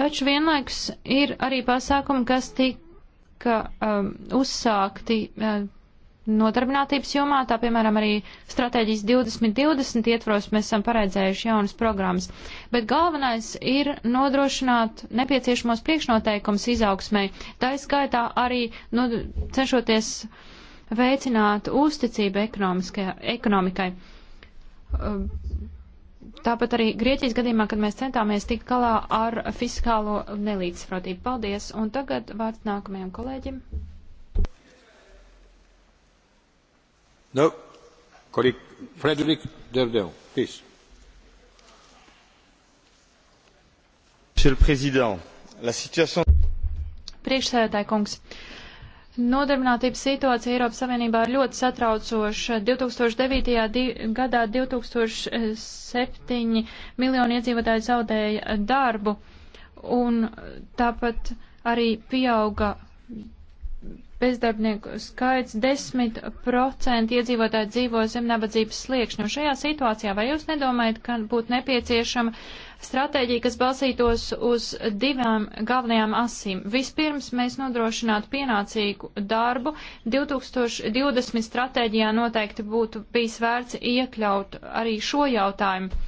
Taču vienlaikus ir arī pasākumi, kas tika um, uzsākti um, nodarbinātības jomā, tā piemēram arī stratēģijas 2020 ietvaros mēs esam paredzējuši jaunas programmas. Bet galvenais ir nodrošināt nepieciešamos priekšnoteikums izaugsmai, tā izskaitā arī nu, cenšoties uh, veicinātu uzticību ekonomikai. Uh, tāpat arī Grieķijas gadījumā, kad mēs centāmies tikt galā ar fiskālo nelīdzsvarotību. Paldies! Un tagad vārds nākamajam kolēģim. No. Kolik, Frederik Derdev, please. Monsieur le Président, la situation. Priekšsēdētāji kungs, uh, Nodarbinātības situācija Eiropas Savienībā ir ļoti satraucoša. 2009. Di gadā 2007 miljoni iedzīvotāji zaudēja darbu, un tāpat arī pieauga bezdarbnieku skaits 10% iedzīvotāji dzīvo zem nabadzības sliekšņa. Un šajā situācijā vai jūs nedomājat, ka būtu nepieciešama stratēģija, kas balstītos uz divām galvenajām asīm? Vispirms mēs nodrošinātu pienācīgu darbu. 2020 stratēģijā noteikti būtu bijis vērts iekļaut arī šo jautājumu.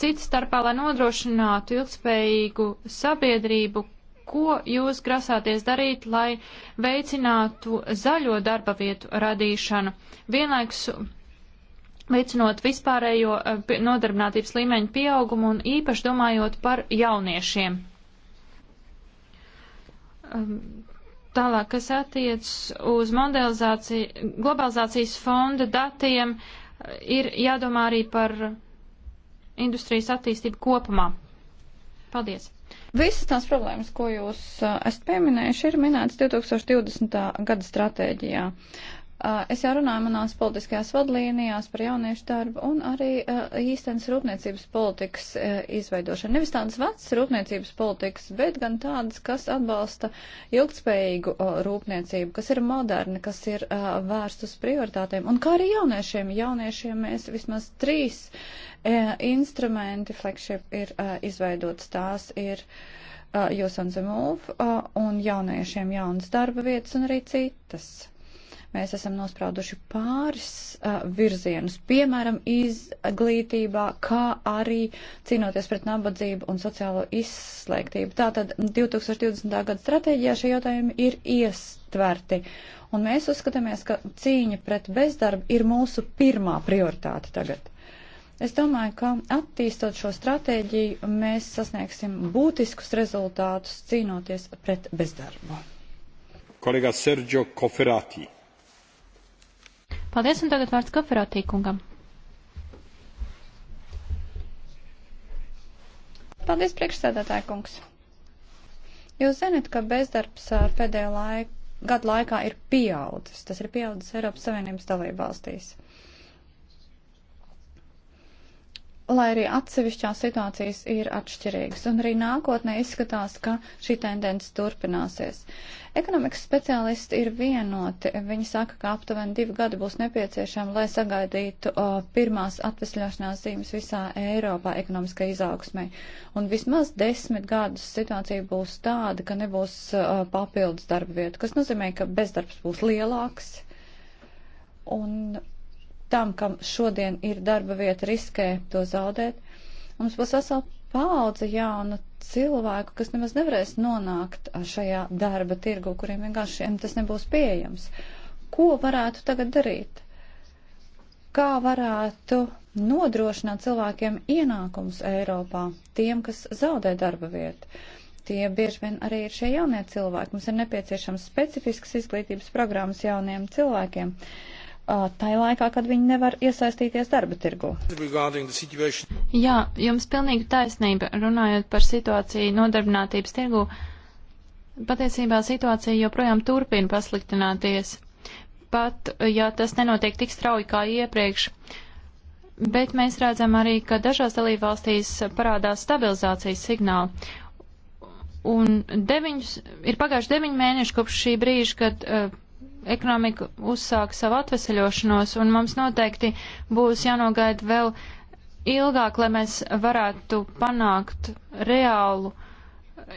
Cits starpā, lai nodrošinātu ilgspējīgu sabiedrību, ko jūs grasāties darīt, lai veicinātu zaļo darba vietu radīšanu, vienlaikus veicinot vispārējo eh, nodarbinātības līmeņu pieaugumu un īpaši domājot par jauniešiem. Ehm, tālāk, kas attiec uz globalizācijas fonda datiem, eh, ir jādomā arī par industrijas attīstību kopumā. Paldies! Visas tās problēmas, ko jūs esat pieminējuši, ir minētas 2020. gada stratēģijā. Uh, Es jau runāju manās politiskajās vadlīnijās par jauniešu darbu un arī īstenas rūpniecības politikas izveidošanu. Nevis tādas vecas rūpniecības politikas, bet gan tādas, kas atbalsta ilgtspējīgu rūpniecību, kas ir moderna, kas ir vērst uz prioritātēm. Un kā arī jauniešiem, jauniešiem mēs vismaz trīs instrumenti flagship ir izveidots. Tās ir Jūs on the Move un jauniešiem jaunas darba vietas un arī citas. Mēs esam nosprauduši pāris uh, virzienus, piemēram, izglītībā, kā arī cīnoties pret nabadzību un sociālo izslēgtību. Tātad 2020. gada stratēģijā šie jautājumi ir iestverti. Un mēs uzskatāmies, ka cīņa pret bezdarbu ir mūsu pirmā prioritāte tagad. Es domāju, ka attīstot šo stratēģiju, mēs sasniegsim būtiskus rezultātus cīnoties pret bezdarbu. Kolēģis Sergio Koferāti. Paldies, un tagad vārds Kaferātī kungam. Paldies, priekšsēdētāja kungs. Jūs zinat, ka bezdarbs pēdējo laiku, gadu laikā ir pieaudzis. Tas ir pieaudzis Eiropas Savienības dalībvalstīs. valstīs lai arī atsevišķās situācijas ir atšķirīgas. Un arī nākotnē izskatās, ka šī tendence turpināsies. Ekonomikas speciālisti ir vienoti. Viņi saka, ka aptuveni divi gadi būs nepieciešami, lai sagaidītu o, uh, pirmās atvesļošanās zīmes visā Eiropā ekonomiskai izaugsmai. Un vismaz desmit gadus situācija būs tāda, ka nebūs o, uh, papildus darba vietu, kas nozīmē, ka bezdarbs būs lielāks. Un tam, kam šodien ir darba vieta, riskē to zaudēt. Mums būs vesela paudze jaunu cilvēku, kas nemaz nevarēs nonākt šajā darba tirgu, kuriem vienkārši tas nebūs pieejams. Ko varētu tagad darīt? Kā varētu nodrošināt cilvēkiem ienākumus Eiropā, tiem, kas zaudē darba vietu? Tie bieži vien arī ir šie jaunie cilvēki. Mums ir nepieciešams specifiskas izglītības programmas jauniem cilvēkiem. Uh, tai laikā, kad viņi nevar iesaistīties darba tirgu. Jā, jums pilnīgi taisnība runājot par situāciju nodarbinātības tirgu. Patiesībā situācija joprojām turpina pasliktināties, pat ja tas nenotiek tik strauji kā iepriekš. Bet mēs redzam arī, ka dažās dalībvalstīs parādās stabilizācijas signāli. Un deviņus, ir pagājuši deviņi mēneši kopš šī brīža, kad uh, ekonomika uzsāk savu atveseļošanos, un mums noteikti būs jānogaida vēl ilgāk, lai mēs varētu panākt reālu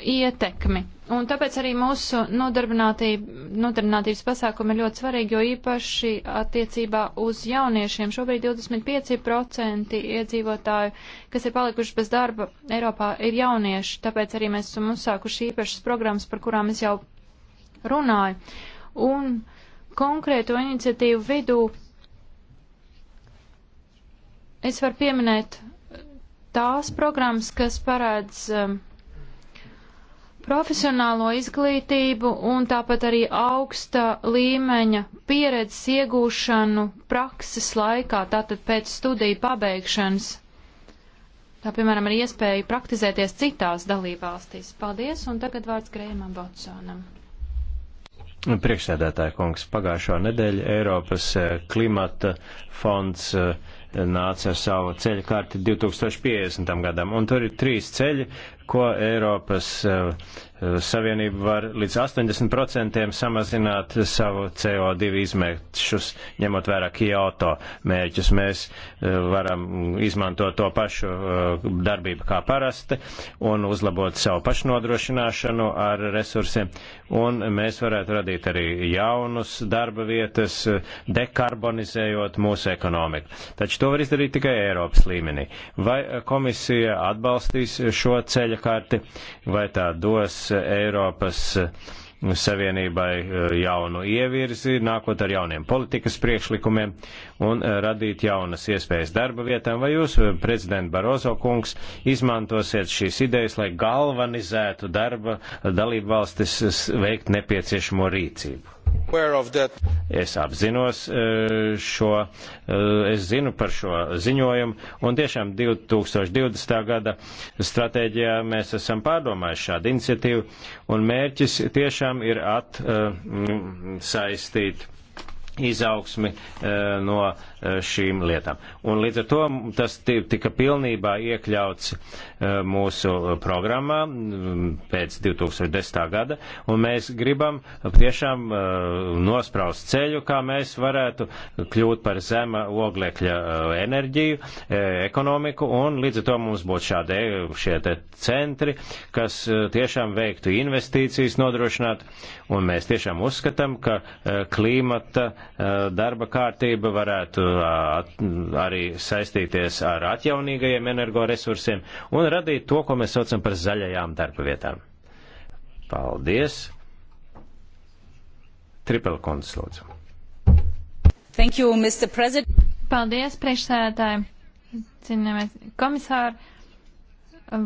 ietekmi. Un tāpēc arī mūsu nodarbinātības pasākumi ir ļoti svarīgi, jo īpaši attiecībā uz jauniešiem šobrīd 25% iedzīvotāju, kas ir palikuši bez darba Eiropā, ir jaunieši. Tāpēc arī mēs esam uzsākuši īpašas programmas, par kurām es jau runāju. Uh, un konkrēto iniciatīvu vidū es varu pieminēt tās programmas, kas parādz um, profesionālo izglītību un tāpat arī augsta līmeņa pieredzes iegūšanu prakses laikā, tātad pēc studiju pabeigšanas. Tā, piemēram, ir iespēja praktizēties citās dalībvalstīs. Paldies, un tagad vārds Grējumam Botsonam. Priekšsēdētāja kungs, pagājušo nedēļu Eiropas eh, klimata fonds eh, nāca ar savu ceļu karti 2050. gadam, un tur ir trīs ceļi, ko Eiropas eh, Savienība var līdz 80% samazināt savu CO2 izmērķus, ņemot vērā Kyoto mērķus. Mēs e, varam izmantot to pašu e, darbību kā parasti un uzlabot savu pašnodrošināšanu ar resursiem. Un mēs varētu radīt arī jaunus darba vietas, e, dekarbonizējot mūsu ekonomiku. Taču to var izdarīt tikai Eiropas līmenī. Vai komisija atbalstīs šo ceļa karti, vai tā dos Eiropas eh, Savienībai eh, jaunu ievirzi, nākot ar jauniem politikas priekšlikumiem, un eh, radīt jaunas iespējas darba vietām, vai jūs, eh, prezident Barozo kungs, izmantosiet šīs idejas, lai galvanizētu darba dalību valstis veikt nepieciešamo rīcību? Es apzinos eh, šo, es zinu par šo ziņojumu, un tiešām 2020. gada stratēģijā mēs esam pārdomājuši šādu iniciatīvu, un mērķis tiešām ir atsaistīt. Uh, izaugsmi eh, no eh, šīm lietām. Un līdz ar to tas tika pilnībā iekļauts eh, mūsu programmā mm, pēc 2010. gada, un mēs gribam tiešām nospraust ceļu, kā mēs varētu kļūt par zema oglekļa enerģiju, ekonomiku, un līdz ar to mums būtu šādi šie te centri, kas tiešām veiktu investīcijas nodrošināt, un mēs tiešām uzskatām, ka klīmata Eh, darba kārtība varētu eh, arī saistīties ar atjaunīgajiem energoresursiem un radīt to, ko mēs saucam par zaļajām darba vietām. Paldies! Tripelkundze, lūdzu. Thank you, Mr. President. Paldies, priekšsēdētāji. Cienījamies komisāri.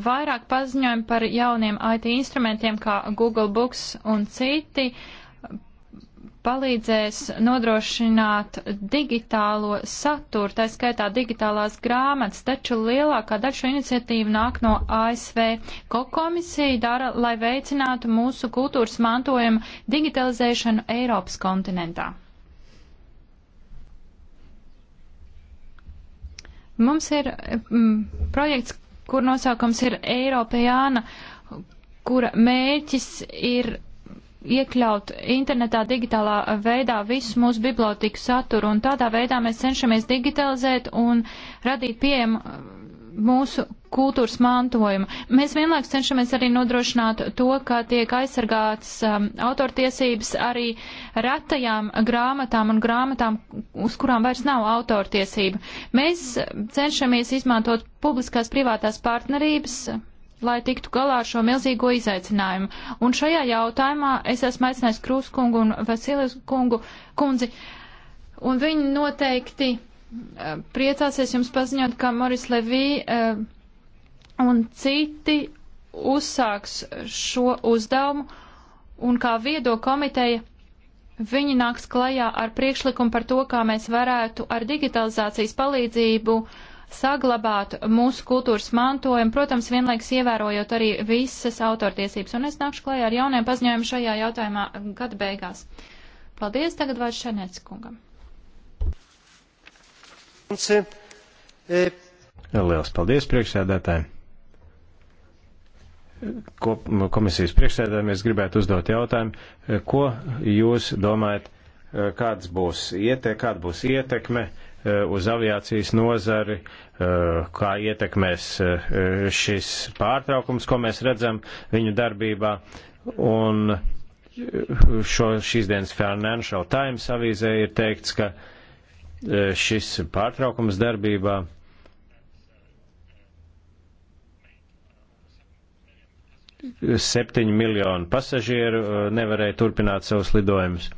Vairāk paziņojumi par jauniem IT instrumentiem kā Google Books un citi. Uh, palīdzēs nodrošināt digitālo saturu, tā skaitā digitālās grāmatas, taču lielākā daļa šo iniciatīvu nāk no ASV. Ko komisija dara, lai veicinātu mūsu kultūras mantojumu digitalizēšanu Eiropas kontinentā? Mums ir mm, projekts, kur nosaukums ir Eiropejāna, kura mērķis ir iekļaut internetā digitālā veidā visu mūsu biblioteku saturu, un tādā veidā mēs cenšamies digitalizēt un radīt pieejamu uh, mūsu kultūras mantojumu. Mēs vienlaikus cenšamies arī nodrošināt to, ka tiek aizsargātas um, autortiesības arī retajām grāmatām un grāmatām, uz kurām vairs nav autortiesība. Mēs cenšamies izmantot publiskās privātās partnerības lai tiktu galā ar šo milzīgo izaicinājumu. Un šajā jautājumā es esmu aicinājis Krūskungu un Vasilis kungu, kundzi, un viņi noteikti uh, priecāsies jums paziņot, ka Moris Levī uh, un citi uzsāks šo uzdevumu, un kā viedo komiteja viņi nāks klajā ar priekšlikumu par to, kā mēs varētu ar digitalizācijas palīdzību uh, saglabāt mūsu kultūras mantojumu, protams, vienlaiks ievērojot arī visas autortiesības. Un es nākšu klajā ar jauniem paziņojumiem šajā jautājumā gada beigās. Paldies, tagad vārds Šenets kungam. Lielas paldies priekšsēdētājiem. Ko, komisijas priekšsēdētājiem es gribētu uzdot jautājumu, ko jūs domājat, kāds būs ietek, kāda būs ietekme Eh, uz aviācijas nozari, eh, kā ietekmēs eh, šis pārtraukums, ko mēs redzam viņu darbībā. Un šo, šīs dienas Financial Times avīzē ir teikts, ka šis pārtraukums darbībā septiņu miljonu pasažieru nevarēja turpināt savus lidojumus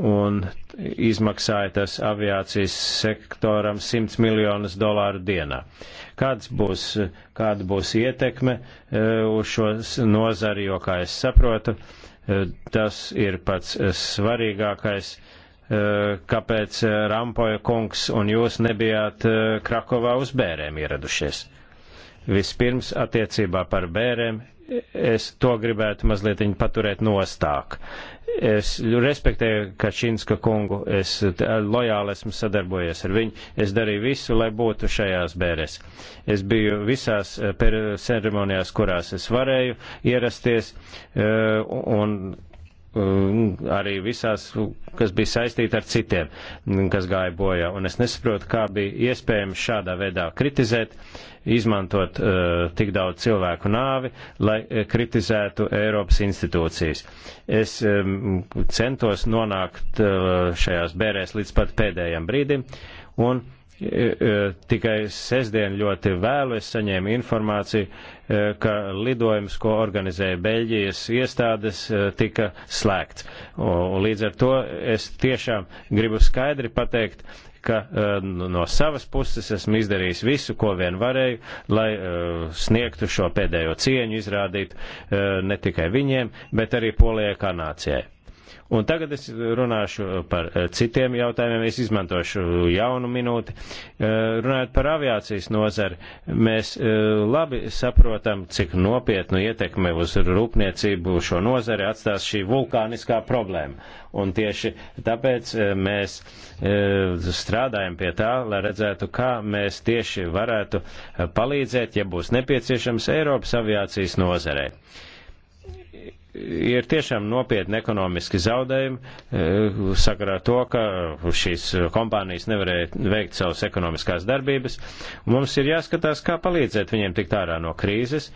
un izmaksāja tas aviācijas sektoram 100 miljonus dolāru dienā. Kāds būs, kāda būs ietekme e, uz šo nozari, jo, kā es saprotu, e, tas ir pats svarīgākais, e, kāpēc Rampoja kungs un jūs nebijāt Krakovā uz bērēm ieradušies. Vispirms attiecībā par bērēm es to gribētu mazliet viņu paturēt nostāk. Es respektēju Kačinska kungu, es lojāli esmu sadarbojies ar viņu, es darīju visu, lai būtu šajās bērēs. Es biju visās eh, ceremonijās, kurās es varēju ierasties, eh, un eh, arī visās, kas bija saistīti ar citiem, kas gāja bojā. Un es nesaprotu, kā bija iespējams šādā veidā kritizēt. Uh, izmantot uh, tik daudz cilvēku nāvi, lai eh, kritizētu Eiropas institūcijas. Es um, centos nonākt uh, šajās bērēs līdz pat pēdējiem brīdim, un uh, tikai sestdien ļoti vēlu es saņēmu informāciju, uh, ka lidojums, ko organizēja Beļģijas iestādes, uh, tika slēgts. Un, līdz ar to es tiešām gribu skaidri pateikt, uh, ka e, no savas puses esmu izdarījis visu, ko vien varēju, lai e, sniegtu šo pēdējo cieņu, izrādīt e, ne tikai viņiem, bet arī polijai kanācijai. Un tagad es runāšu par eh, citiem jautājumiem, es izmantošu jaunu minūti. Eh, runājot par aviācijas nozari, mēs eh, labi saprotam, cik nopietnu ietekmi uz rūpniecību šo nozari atstās šī vulkāniskā problēma. Un tieši tāpēc mēs strādājam pie tā, lai redzētu, kā mēs tieši varētu palīdzēt, ja būs nepieciešams, Eiropas aviācijas nozarei ir tiešām nopietni ekonomiski zaudējumi eh, sakarā ar to, ka šīs kompānijas nevarēja veikt savas ekonomiskās darbības. Mums ir jāskatās, kā palīdzēt viņiem tikt ārā no krīzes.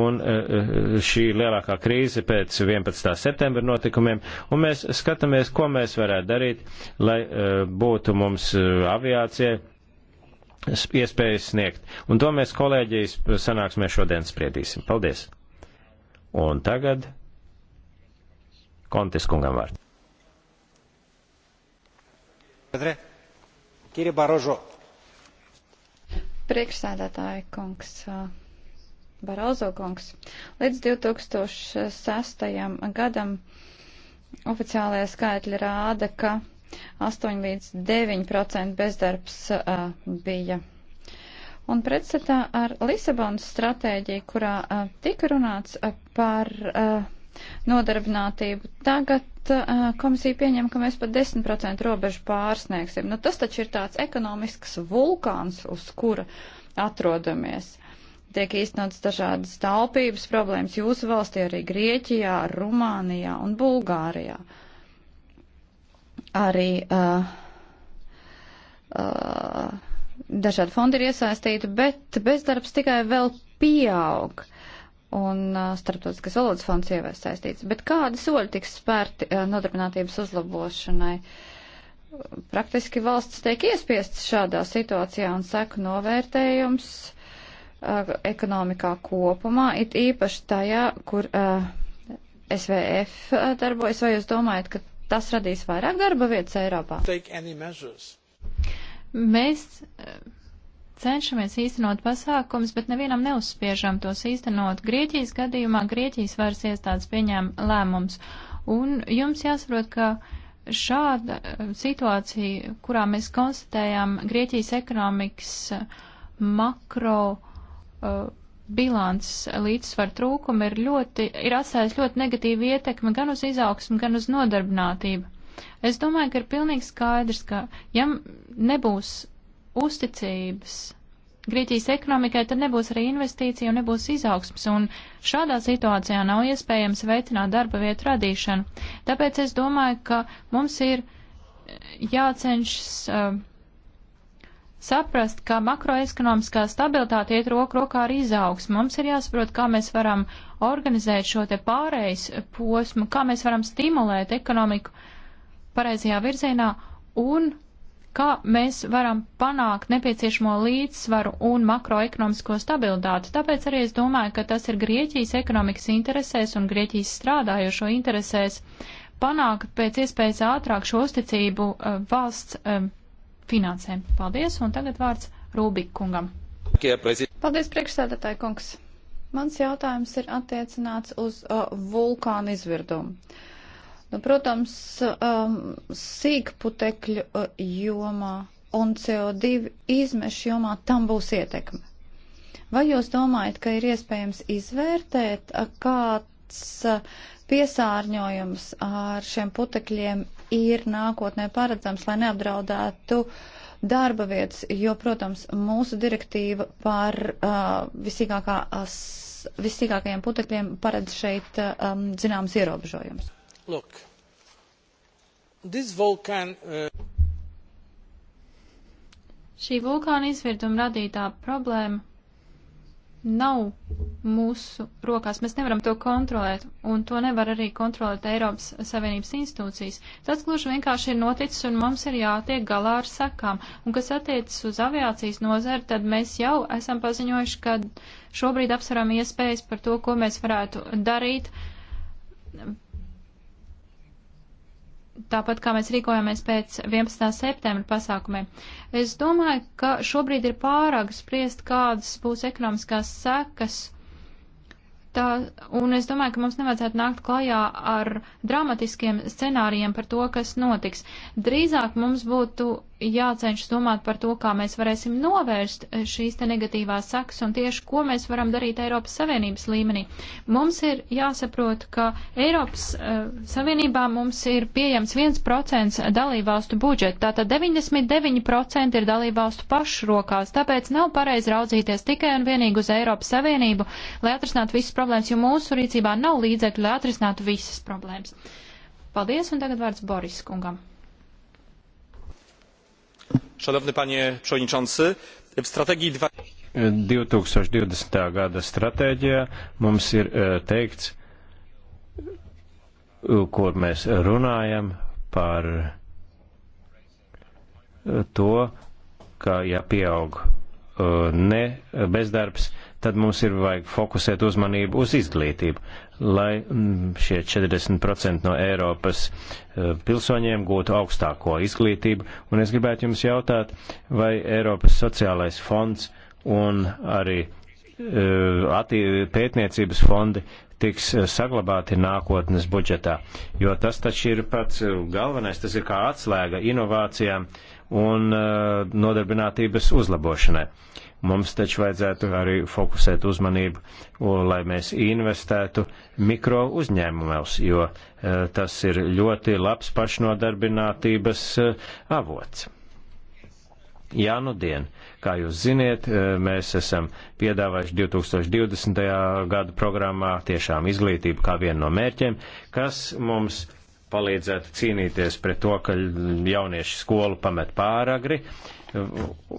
Un eh, eh, šī lielākā krīze pēc 11. septembra notikumiem, un mēs skatāmies, ko mēs varētu darīt, lai būtu mums aviācijai iespējas sniegt. Un to mēs kolēģijas sanāksmē šodien spriedīsim. Paldies! Un tagad Kontis kungam vārds. Priekšsēdētāji kungs, Barozo kungs, līdz 2006. gadam oficiālajie skaitļi rāda, ka 8 līdz 9% bezdarbs uh, bija. Un pretstatā ar Lisabonas stratēģiju, kurā uh, tika runāts uh, par uh, nodarbinātību. Tagad uh, komisija pieņem, ka mēs pat 10% robežu pārsniegsim. Nu, tas taču ir tāds ekonomisks vulkāns, uz kura atrodamies. Tiek īstenots dažādas taupības problēmas jūsu valstī, arī Grieķijā, Rumānijā un Bulgārijā. Arī uh, uh, dažādi fondi ir iesaistīti, bet bezdarbs tikai vēl pieaug. Uh, un uh, starptautiskais valodas fonds ievēs saistīts. Bet kādi soļi tiks spērti uh, nodarbinātības uzlabošanai? Praktiski valsts tiek iespiestas šādā situācijā un seku novērtējums uh, ekonomikā kopumā, it īpaši tajā, kur uh, SVF uh, darbojas, vai jūs domājat, ka tas radīs vairāk darba vietas Eiropā? Mēs cenšamies īstenot pasākums, bet nevienam neuzspiežam tos īstenot. Grieķijas gadījumā Grieķijas varas iestādes pieņēma lēmums. Un jums jāsaprot, ka šāda eh, situācija, kurā mēs konstatējām Grieķijas ekonomikas eh, makro uh, bilants līdzsvar trūkumu, ir, ļoti, ir atstājis ļoti negatīvu ietekmi gan uz izaugsmu, gan uz nodarbinātību. Es domāju, ka ir pilnīgi skaidrs, ka ja nebūs uzticības Grieķijas ekonomikai, tad nebūs arī investīcija un nebūs izaugsmas, un šādā situācijā nav iespējams veicināt darba vietu radīšanu. Tāpēc es domāju, ka mums ir jācenšas uh, saprast, ka makroekonomiskā stabilitāte iet roku rokā ar izaugsmu. Mums ir jāsaprot, kā mēs varam organizēt šo te pārejas posmu, kā mēs varam stimulēt ekonomiku pareizajā virzienā un kā mēs varam panākt nepieciešamo līdzsvaru un makroekonomisko stabilitāti. Tāpēc arī es domāju, ka tas ir Grieķijas ekonomikas interesēs un Grieķijas strādājošo interesēs panākt pēc iespējas ātrāk šo uzticību uh, valsts um, finansēm. Paldies, un tagad vārds Rūbikungam. Paldies, priekšsēdētāji kungs. Mans jautājums ir attiecināts uz uh, vulkānu izvirdumu. Uh, Nu, protams, um, sīkputekļu uh, jomā un CO2 izmešu jomā tam būs ietekme. Vai jūs domājat, ka ir iespējams izvērtēt, uh, kāds uh, piesārņojums ar šiem putekļiem ir nākotnē paredzams, lai neapdraudētu darba vietas, jo, protams, mūsu direktīva par uh, visīgākā, visīgākajiem putekļiem paredz šeit um, zināms ierobežojums? Look, this volcan, uh... Šī vulkāna izvirduma radītā problēma nav mūsu rokās. Mēs nevaram to kontrolēt, un to nevar arī kontrolēt Eiropas Savienības institūcijas. Tas gluži vienkārši ir noticis, un mums ir jātiek galā ar sakām. Un kas attiecas uz aviācijas nozari, tad mēs jau esam paziņojuši, ka šobrīd apsveram iespējas par to, ko mēs varētu darīt tāpat kā mēs rīkojamies pēc 11. septembra pasākumiem. Es domāju, ka šobrīd ir pārāk spriest, kādas būs ekonomiskās sekas. Tā, un es domāju, ka mums nevajadzētu nākt klajā ar dramatiskiem scenārijiem par to, kas notiks. Drīzāk mums būtu jācenšas domāt par to, kā mēs varēsim novērst eh, šīs te negatīvās sakas un tieši, ko mēs varam darīt Eiropas Savienības līmenī. Mums ir jāsaprot, ka Eiropas uh, Savienībā mums ir pieejams 1% dalībvalstu budžeta, tātad 99% ir dalībvalstu pašu rokās, tāpēc nav pareizi raudzīties tikai un vienīgi uz Eiropas Savienību, lai atrisinātu visas problēmas, jo mūsu rīcībā nav līdzekļu, lai atrisinātu visas problēmas. Paldies, un tagad vārds Boris kungam. Szanowny panie przewodniczący, w strategii 2020. gada stratēģijā mums ir e, teikts, kur mēs runājam par e, to, ka ja pieaug e, ne bezdarbs, tad mums ir vajag fokusēt uzmanību uz izglītību, lai mm, šie 40% no Eiropas e, pilsoņiem gūtu augstāko izglītību. Un es gribētu jums jautāt, vai Eiropas sociālais fonds un arī e, attī, pētniecības fondi tiks e, saglabāti nākotnes budžetā. Jo tas taču ir pats galvenais, tas ir kā atslēga inovācijām un nodarbinātības uzlabošanai. Uh, Mums taču vajadzētu arī fokusēt uzmanību, lai mēs investētu mikro uzņēmumos, jo e, tas ir ļoti labs pašnodarbinātības e, avots. Jā, nu dien, kā jūs ziniet, e, mēs esam piedāvājuši 2020. gadu programmā tiešām izglītību kā vienu no mērķiem, kas mums palīdzētu cīnīties pret to, ka jaunieši skolu pamet pāragri,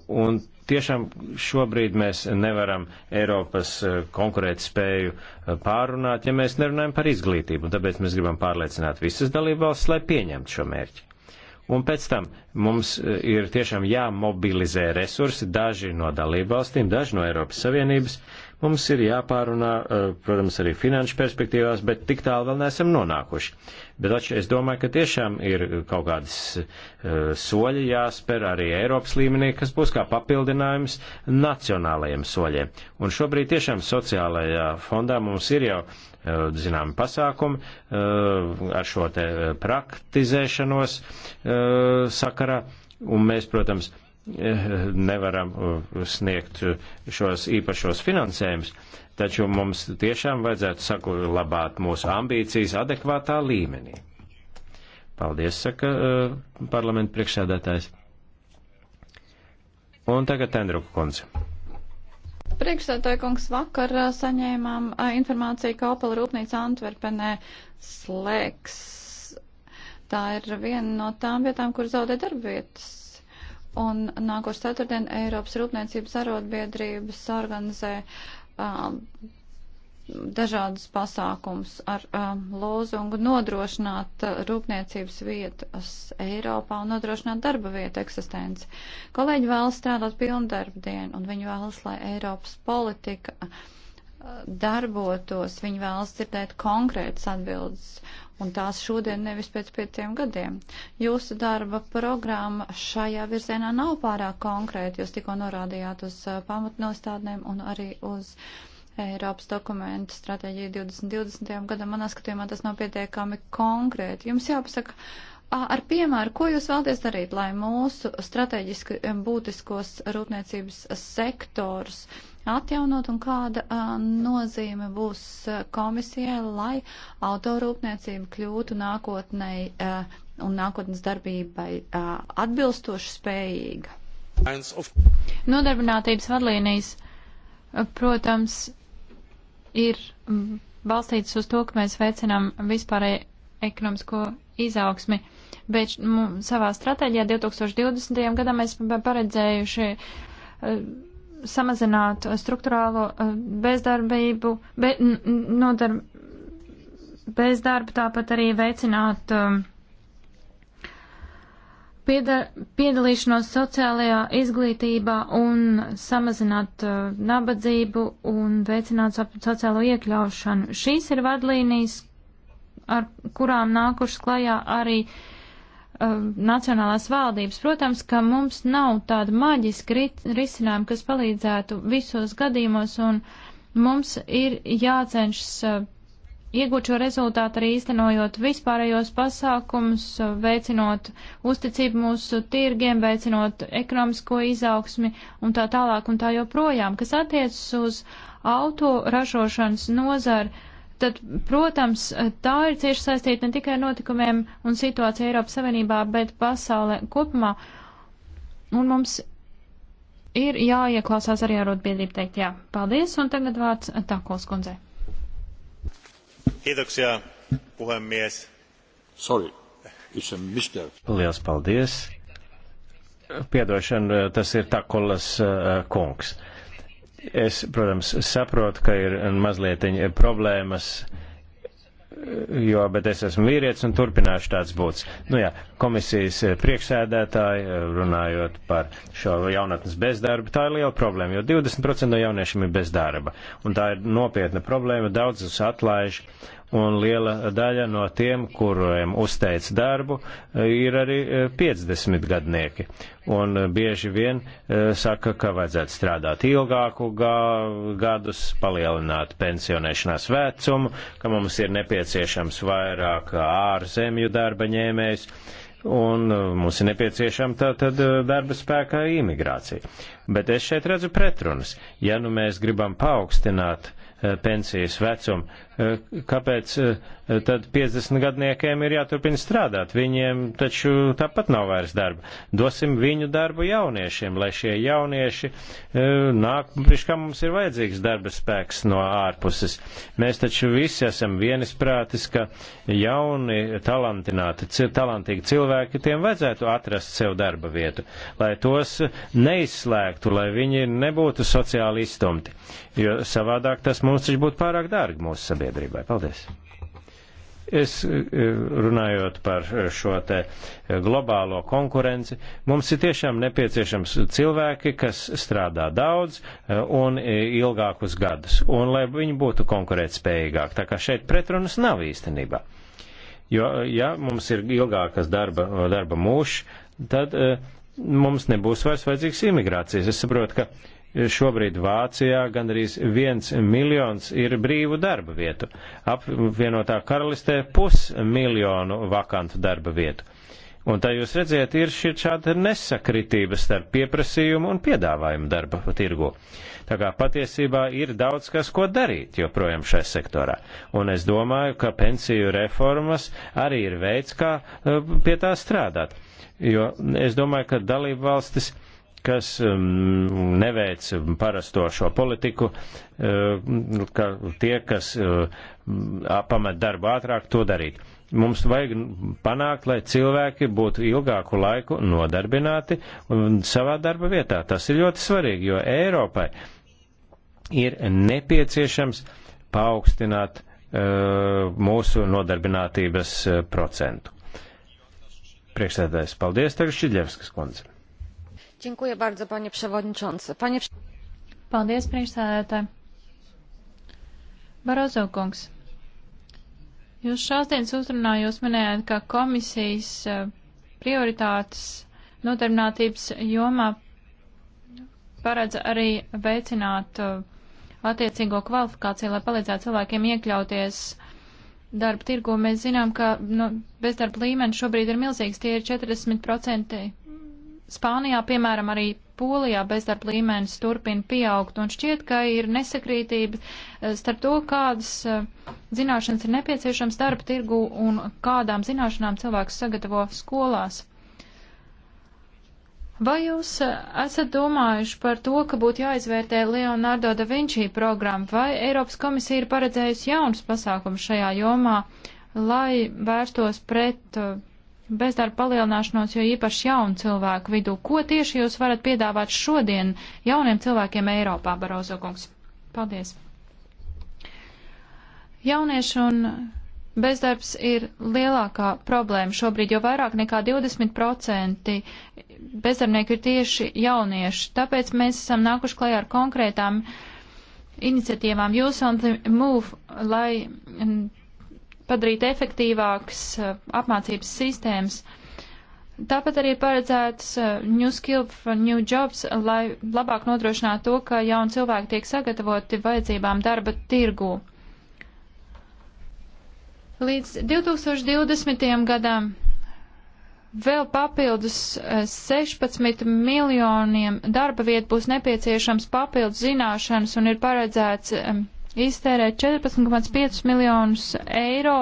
un Tiešām šobrīd mēs nevaram Eiropas eh, konkurēt spēju eh, pārunāt, ja mēs nerunājam par izglītību, un tāpēc mēs gribam pārliecināt visas dalībvalstis, lai pieņemtu šo mērķi. Un pēc tam mums eh, ir tiešām jāmobilizē resursi, daži no dalībvalstīm, daži no Eiropas Savienības. Mums ir jāpārunā, protams, arī finanšu perspektīvās, bet tik tālu vēl neesam nonākuši. Bet taču es domāju, ka tiešām ir kaut kādas uh, soļi jāspēr arī Eiropas līmenī, kas būs kā papildinājums nacionālajiem soļiem. Un šobrīd tiešām sociālajā fondā mums ir jau eh, zināmi pasākumi eh, ar šo te praktizēšanos sakarā, un mēs, protams, nevaram sniegt šos īpašos finansējumus, taču mums tiešām vajadzētu saglabāt mūsu ambīcijas adekvātā līmenī. Paldies, saka uh, parlamenta priekšsēdētājs. Un tagad Tendruka kundze. Priekšsēdētāja kungs vakar eh, saņēmām eh, informāciju, ka Opel rūpnīca Antverpenē slēgs. Tā ir viena no tām vietām, kur zaudē darbvietas. Un nākošais ceturtdien Eiropas rūpniecības arotbiedrības organizē uh, Um, dažādus pasākums ar um, lozungu nodrošināt uh, rūpniecības vietas Eiropā un nodrošināt darba vietu eksistenci. Kolēģi vēlas strādāt pilndarbu dienu un viņi vēlas, lai Eiropas politika uh, darbotos, viņi vēlas dzirdēt konkrētas atbildes, un tās šodien nevis pēc pieciem gadiem. Jūsu darba programma šajā virzienā nav pārāk konkrēta, jūs tikko norādījāt uz uh, pamatnostādnēm un arī uz Eiropas dokumentu stratēģiju 2020. gadam. Manā skatījumā tas nav pietiekami konkrēti. Jums jāpasaka, ar piemēru, ko jūs vēlaties darīt, lai mūsu strateģiski um, būtiskos rūpniecības sektors uh, atjaunot un kāda uh, nozīme būs uh, komisijai, lai autorūpniecība kļūtu nākotnei uh, un nākotnes darbībai uh, atbilstoši spējīga. Nodarbinātības vadlīnijas, protams, ir balstītas uz to, ka mēs veicinām vispārēju ekonomisko izaugsmi, bet savā stratēģijā 2020. gadam mēs paredzējuši uh, samazināt uh, struktūrālo uh, bezdarbību, be, nodarb, bezdarbu, tāpat arī veicināt um, piedar, piedalīšanos sociālajā izglītībā un samazināt uh, nabadzību un veicināt sociālo iekļaušanu. Šīs ir vadlīnijas, ar kurām nākušas klajā arī uh, Uh, nacionālās valdības. Protams, ka mums nav tāda maģiska risinājuma, kas palīdzētu visos gadījumos, un mums ir jācenšas uh, iegūt šo rezultātu arī īstenojot vispārējos pasākumus, uh, veicinot uzticību mūsu tirgiem, veicinot ekonomisko izaugsmi un tā tālāk un tā joprojām, kas attiecas uz auto ražošanas nozari tad, protams, tā ir cieši saistīta ne tikai ar notikumiem un situāciju Eiropas Savienībā, bet pasaulē kopumā. Un mums ir jāieklausās arī arotbiedrību teikt jā. Paldies, un tagad vārds Takols kundzei. Kiitoksia, puhemies. Sorry, it's a mistake. Lielas paldies. Piedošana, tas ir Takolas uh, eh, kungs. Uh, Es, protams, saprotu, ka ir mazliet problēmas, jo, bet es esmu vīrietis un turpināšu tāds būt. Nu jā, komisijas priekšsēdētāji, runājot par šo jaunatnes bezdarbu, tā ir liela problēma, jo 20% no jauniešiem ir bezdarba. Un tā ir nopietna problēma, daudzus atlaiž, un liela daļa no tiem, kuriem uzteic darbu, ir arī 50 eh, gadnieki. Un eh, bieži vien eh, saka, ka vajadzētu strādāt ilgāku gadus, palielināt pensionēšanās vecumu, ka mums ir nepieciešams vairāk ārzemju darba ņēmējs un mums ir nepieciešama tā tad darba spēkā imigrācija. Bet es šeit redzu pretrunas. Ja nu mēs gribam paaugstināt pensijas vecumu, Eh, kāpēc eh, tad 50 gadniekiem ir jāturpina strādāt. Viņiem taču tāpat nav vairs darba. Dosim viņu darbu jauniešiem, lai šie jaunieši eh, nāk, priekš kā mums ir vajadzīgs darba spēks no ārpuses. Mēs taču visi esam vienisprātis, ka jauni, talantināti, talantīgi cilvēki, tiem vajadzētu atrast sev darba vietu, lai tos neizslēgtu, lai viņi nebūtu sociāli izstumti, jo savādāk tas mums taču būtu pārāk dārgi mūsu sabiedrībā sabiedrībai. Paldies! Es e, e, runājot par e, šo te globālo konkurenci, mums ir tiešām nepieciešams cilvēki, kas strādā daudz un ilgākus gadus, un lai viņi būtu konkurētspējīgāk. Tā kā šeit pretrunas nav īstenībā. Jo, ja mums ir ilgākas darba, darba mūši, tad mums nebūs vairs vajadzīgs imigrācijas. Es saprotu, ka šobrīd Vācijā gandrīz viens miljons ir brīvu darba vietu, apvienotā karalistē pusmiljonu vakantu darba vietu. Un tā jūs redziet, ir šī šāda nesakritība starp pieprasījumu un piedāvājumu darba tirgu. Tā kā patiesībā ir daudz kas, ko darīt joprojām šajā sektorā. Un es domāju, ka pensiju reformas arī ir veids, kā eh, pie tā strādāt. Jo es domāju, ka dalību valstis. Uh, kas um, neveic parasto šo politiku, uh, ka tie, kas uh, pamet darbu ātrāk, to darīt mums vajag panākt, lai cilvēki būtu ilgāku laiku nodarbināti un savā darba vietā. Tas ir ļoti svarīgi, jo Eiropai ir nepieciešams paaugstināt uh, mūsu nodarbinātības uh, procentu. Priekšsēdājs, paldies, tagad Šķidļevskas kundze. Dziękuję bardzo, panie przewodniczący. Panie... Paldies, priekšsēdētāji. Barozo kungs, jūs šāsdienas uzrunā jūs minējāt, ka komisijas e, prioritātes nodarbinātības jomā paredz arī veicināt e, attiecīgo kvalifikāciju, lai palīdzētu cilvēkiem iekļauties darba tirgu. Mēs zinām, ka nu, bezdarba līmenis šobrīd ir milzīgs, tie ir 40% Spānijā, piemēram, arī Polijā bezdarba līmenis turpina pieaugt, un šķiet, ka ir nesakrītība eh, starp to, kādas eh, zināšanas ir nepieciešams darba tirgu un kādām zināšanām cilvēks sagatavo skolās. Vai jūs eh, esat domājuši par to, ka būtu jāizvērtē Leonardo da Vinci programma, vai Eiropas komisija ir paredzējusi jaunus pasākumus šajā jomā, lai vērstos pret uh, bezdarba palielināšanos, jo īpaši jaunu cilvēku vidū. Ko tieši jūs varat piedāvāt šodien jauniem cilvēkiem Eiropā, Barozo kungs? Paldies! Jaunieši un bezdarbs ir lielākā problēma šobrīd, jo vairāk nekā 20% bezdarbnieku ir tieši jaunieši. Tāpēc mēs esam nākuši klajā ar konkrētām iniciatīvām Youth on the Move, lai padarīt efektīvākas uh, apmācības sistēmas. Tāpat arī ir paredzēts uh, New Skill for New Jobs, lai labāk nodrošinātu to, ka jauni cilvēki tiek sagatavoti vajadzībām darba tirgū. Līdz 2020. gadam vēl papildus 16 uh, miljoniem darba vietu būs nepieciešams papildus zināšanas un ir paredzēts um, iztērēt 14,5 miljonus eiro,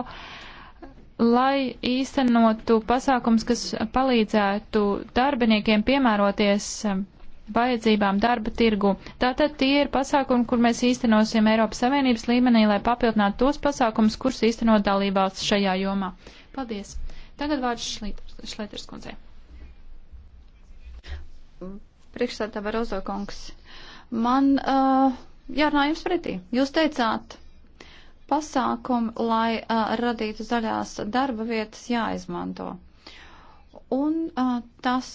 lai īstenotu pasākums, kas palīdzētu darbiniekiem piemēroties um, vajadzībām darba tirgu. Tātad tie ir pasākumi, kur mēs īstenosim Eiropas Savienības līmenī, lai papildinātu tos pasākumus, kurus īstenot dalībvalsts šajā jomā. Paldies. Tagad vārds Šleiters kundzei. Priekšstādā Barozo kungs. Man uh, jārunā jums pretī. Jūs teicāt, pasākumi, lai uh, radītu zaļās darba vietas, jāizmanto. Un uh, tas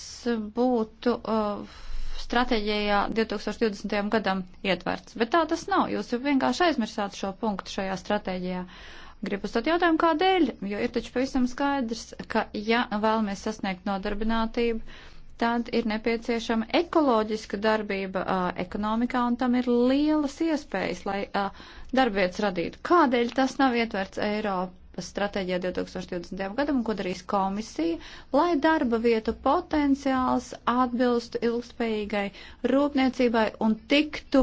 būtu. Uh, stratēģijā 2020. gadam ietverts. Bet tā tas nav. Jūs vienkārši aizmirsāt šo punktu šajā stratēģijā. Gribu uzdot jautājumu, kādēļ, jo ir taču pavisam skaidrs, ka ja vēlamies sasniegt nodarbinātību, tad ir nepieciešama ekoloģiska darbība uh, ekonomikā, un tam ir lielas iespējas, lai uh, darbvietas radītu. Kādēļ tas nav ietverts Eiropā? stratēģijā 2020. gadam, ko darīs komisija, lai darba vietu potenciāls atbilstu ilgspējīgai rūpniecībai un tiktu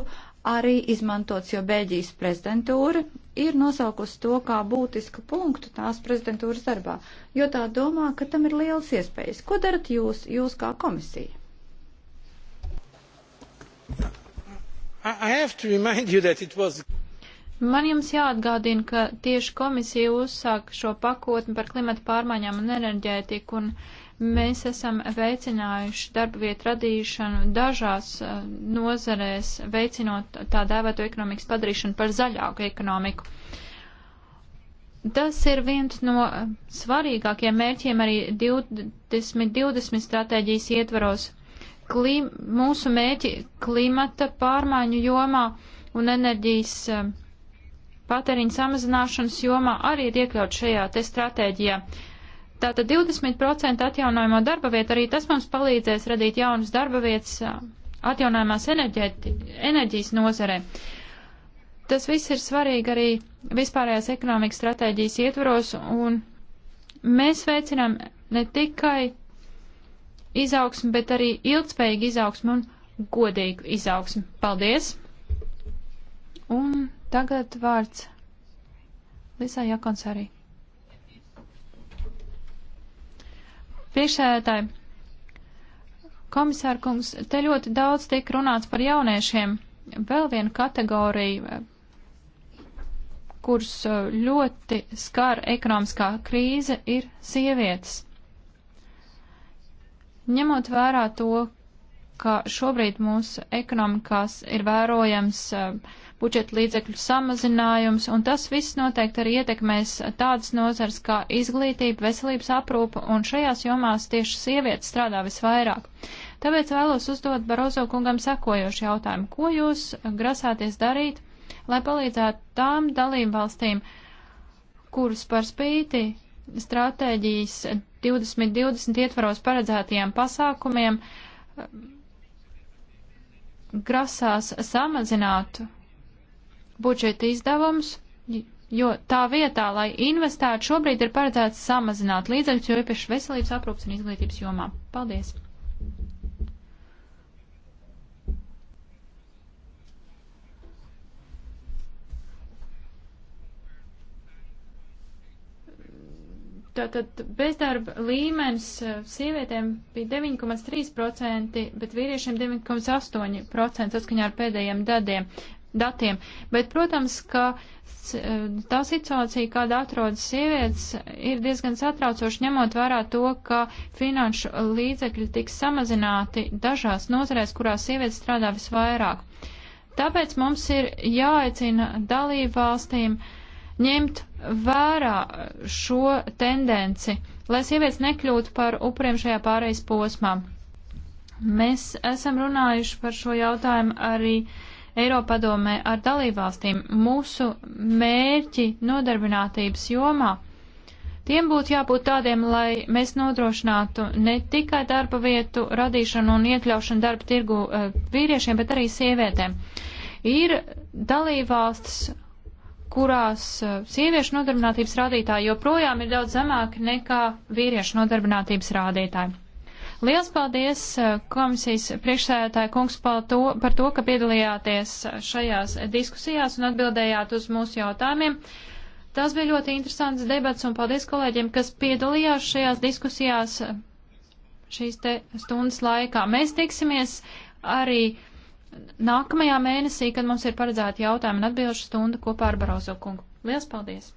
arī izmantots, jo Beļģijas prezidentūra ir nosaukusi to kā būtisku punktu tās prezidentūras darbā, jo tā domā, ka tam ir liels iespējas. Ko darat jūs, jūs kā komisija? Was... Man jums jāatgādina, ka tieši komisija uzsāka šo pakotni par klimata pārmaiņām un enerģētiku, un Mēs esam veicinājuši darba vietu radīšanu dažās eh, nozarēs, veicinot tā dēvēto ekonomikas padarīšanu par zaļāku ekonomiku. Tas ir viens no eh, svarīgākiem mērķiem arī 2020 stratēģijas ietvaros. Klim, mūsu mērķi klimata pārmaiņu jomā un enerģijas eh, patēriņa samazināšanas jomā arī ir iekļaut šajā te stratēģijā. Tātad 20% atjaunojamo darba vietu arī tas mums palīdzēs radīt jaunas darba vietas atjaunojamās enerģijas nozarē. Tas viss ir svarīgi arī vispārējās ekonomikas stratēģijas ietvaros, un mēs veicinām ne tikai izaugsmi, bet arī ilgspējīgu izaugsmi un godīgu izaugsmi. Paldies! Un tagad vārds Lisā Jakons arī. Priekšsēdētāji, komisārkungs, te ļoti daudz tiek runāts par jauniešiem. Vēl viena kategorija, kurus uh, ļoti skar ekonomiskā krīze, ir sievietes. Ņemot vērā to, ka šobrīd mūsu ekonomikās ir vērojams uh, budžeta līdzekļu samazinājums, un tas viss noteikti arī ietekmēs tādas nozars kā izglītība, veselības aprūpa, un šajās jomās tieši sievietes strādā visvairāk. Tāpēc vēlos uzdot Barozo kungam sekojošu jautājumu. Ko jūs grasāties darīt, lai palīdzētu tām dalību valstīm, kuras par spīti stratēģijas 2020 ietvaros paredzētajiem pasākumiem grasās samazināt budžeta izdevumus, jo tā vietā, lai investētu, šobrīd ir paredzēts samazināt līdzekļus, jo īpaši veselības aprūpas un izglītības jomā. Paldies! Tātad bezdarba līmenis eh, sievietēm bija 9,3%, bet vīriešiem 9,8% saskaņā ar pēdējiem dadiem datiem. Bet, protams, ka e, tā situācija, kāda atrodas sievietes, ir diezgan satraucoša, ņemot vērā to, ka finanšu līdzekļi tiks samazināti dažās nozarēs, kurās sievietes strādā visvairāk. Tāpēc mums ir jāaicina dalību valstīm ņemt vērā šo tendenci, lai sievietes nekļūtu par upuriem šajā pārejas posmā. Mēs esam runājuši par šo jautājumu arī uh, Eiropadomē ar dalībvalstīm mūsu mērķi nodarbinātības jomā. Tiem būtu jābūt tādiem, lai mēs nodrošinātu ne tikai darba vietu radīšanu un iekļaušanu darba tirgu eh, vīriešiem, bet arī sievietēm. Ir dalībvalstis, kurās eh, sieviešu nodarbinātības rādītāji joprojām ir daudz zemāki nekā vīriešu nodarbinātības rādītāji. Liels paldies eh, komisijas priekšsēdētāja kungs par to, par to, ka piedalījāties eh, šajās diskusijās un atbildējāt uz mūsu jautājumiem. Tas bija ļoti interesants debats un paldies kolēģiem, kas piedalījās šajās diskusijās eh, šīs te stundas laikā. Mēs tiksimies arī nākamajā mēnesī, kad mums ir paredzēta jautājuma un atbilžu stunda kopā ar Barozo kungu. Lielas paldies!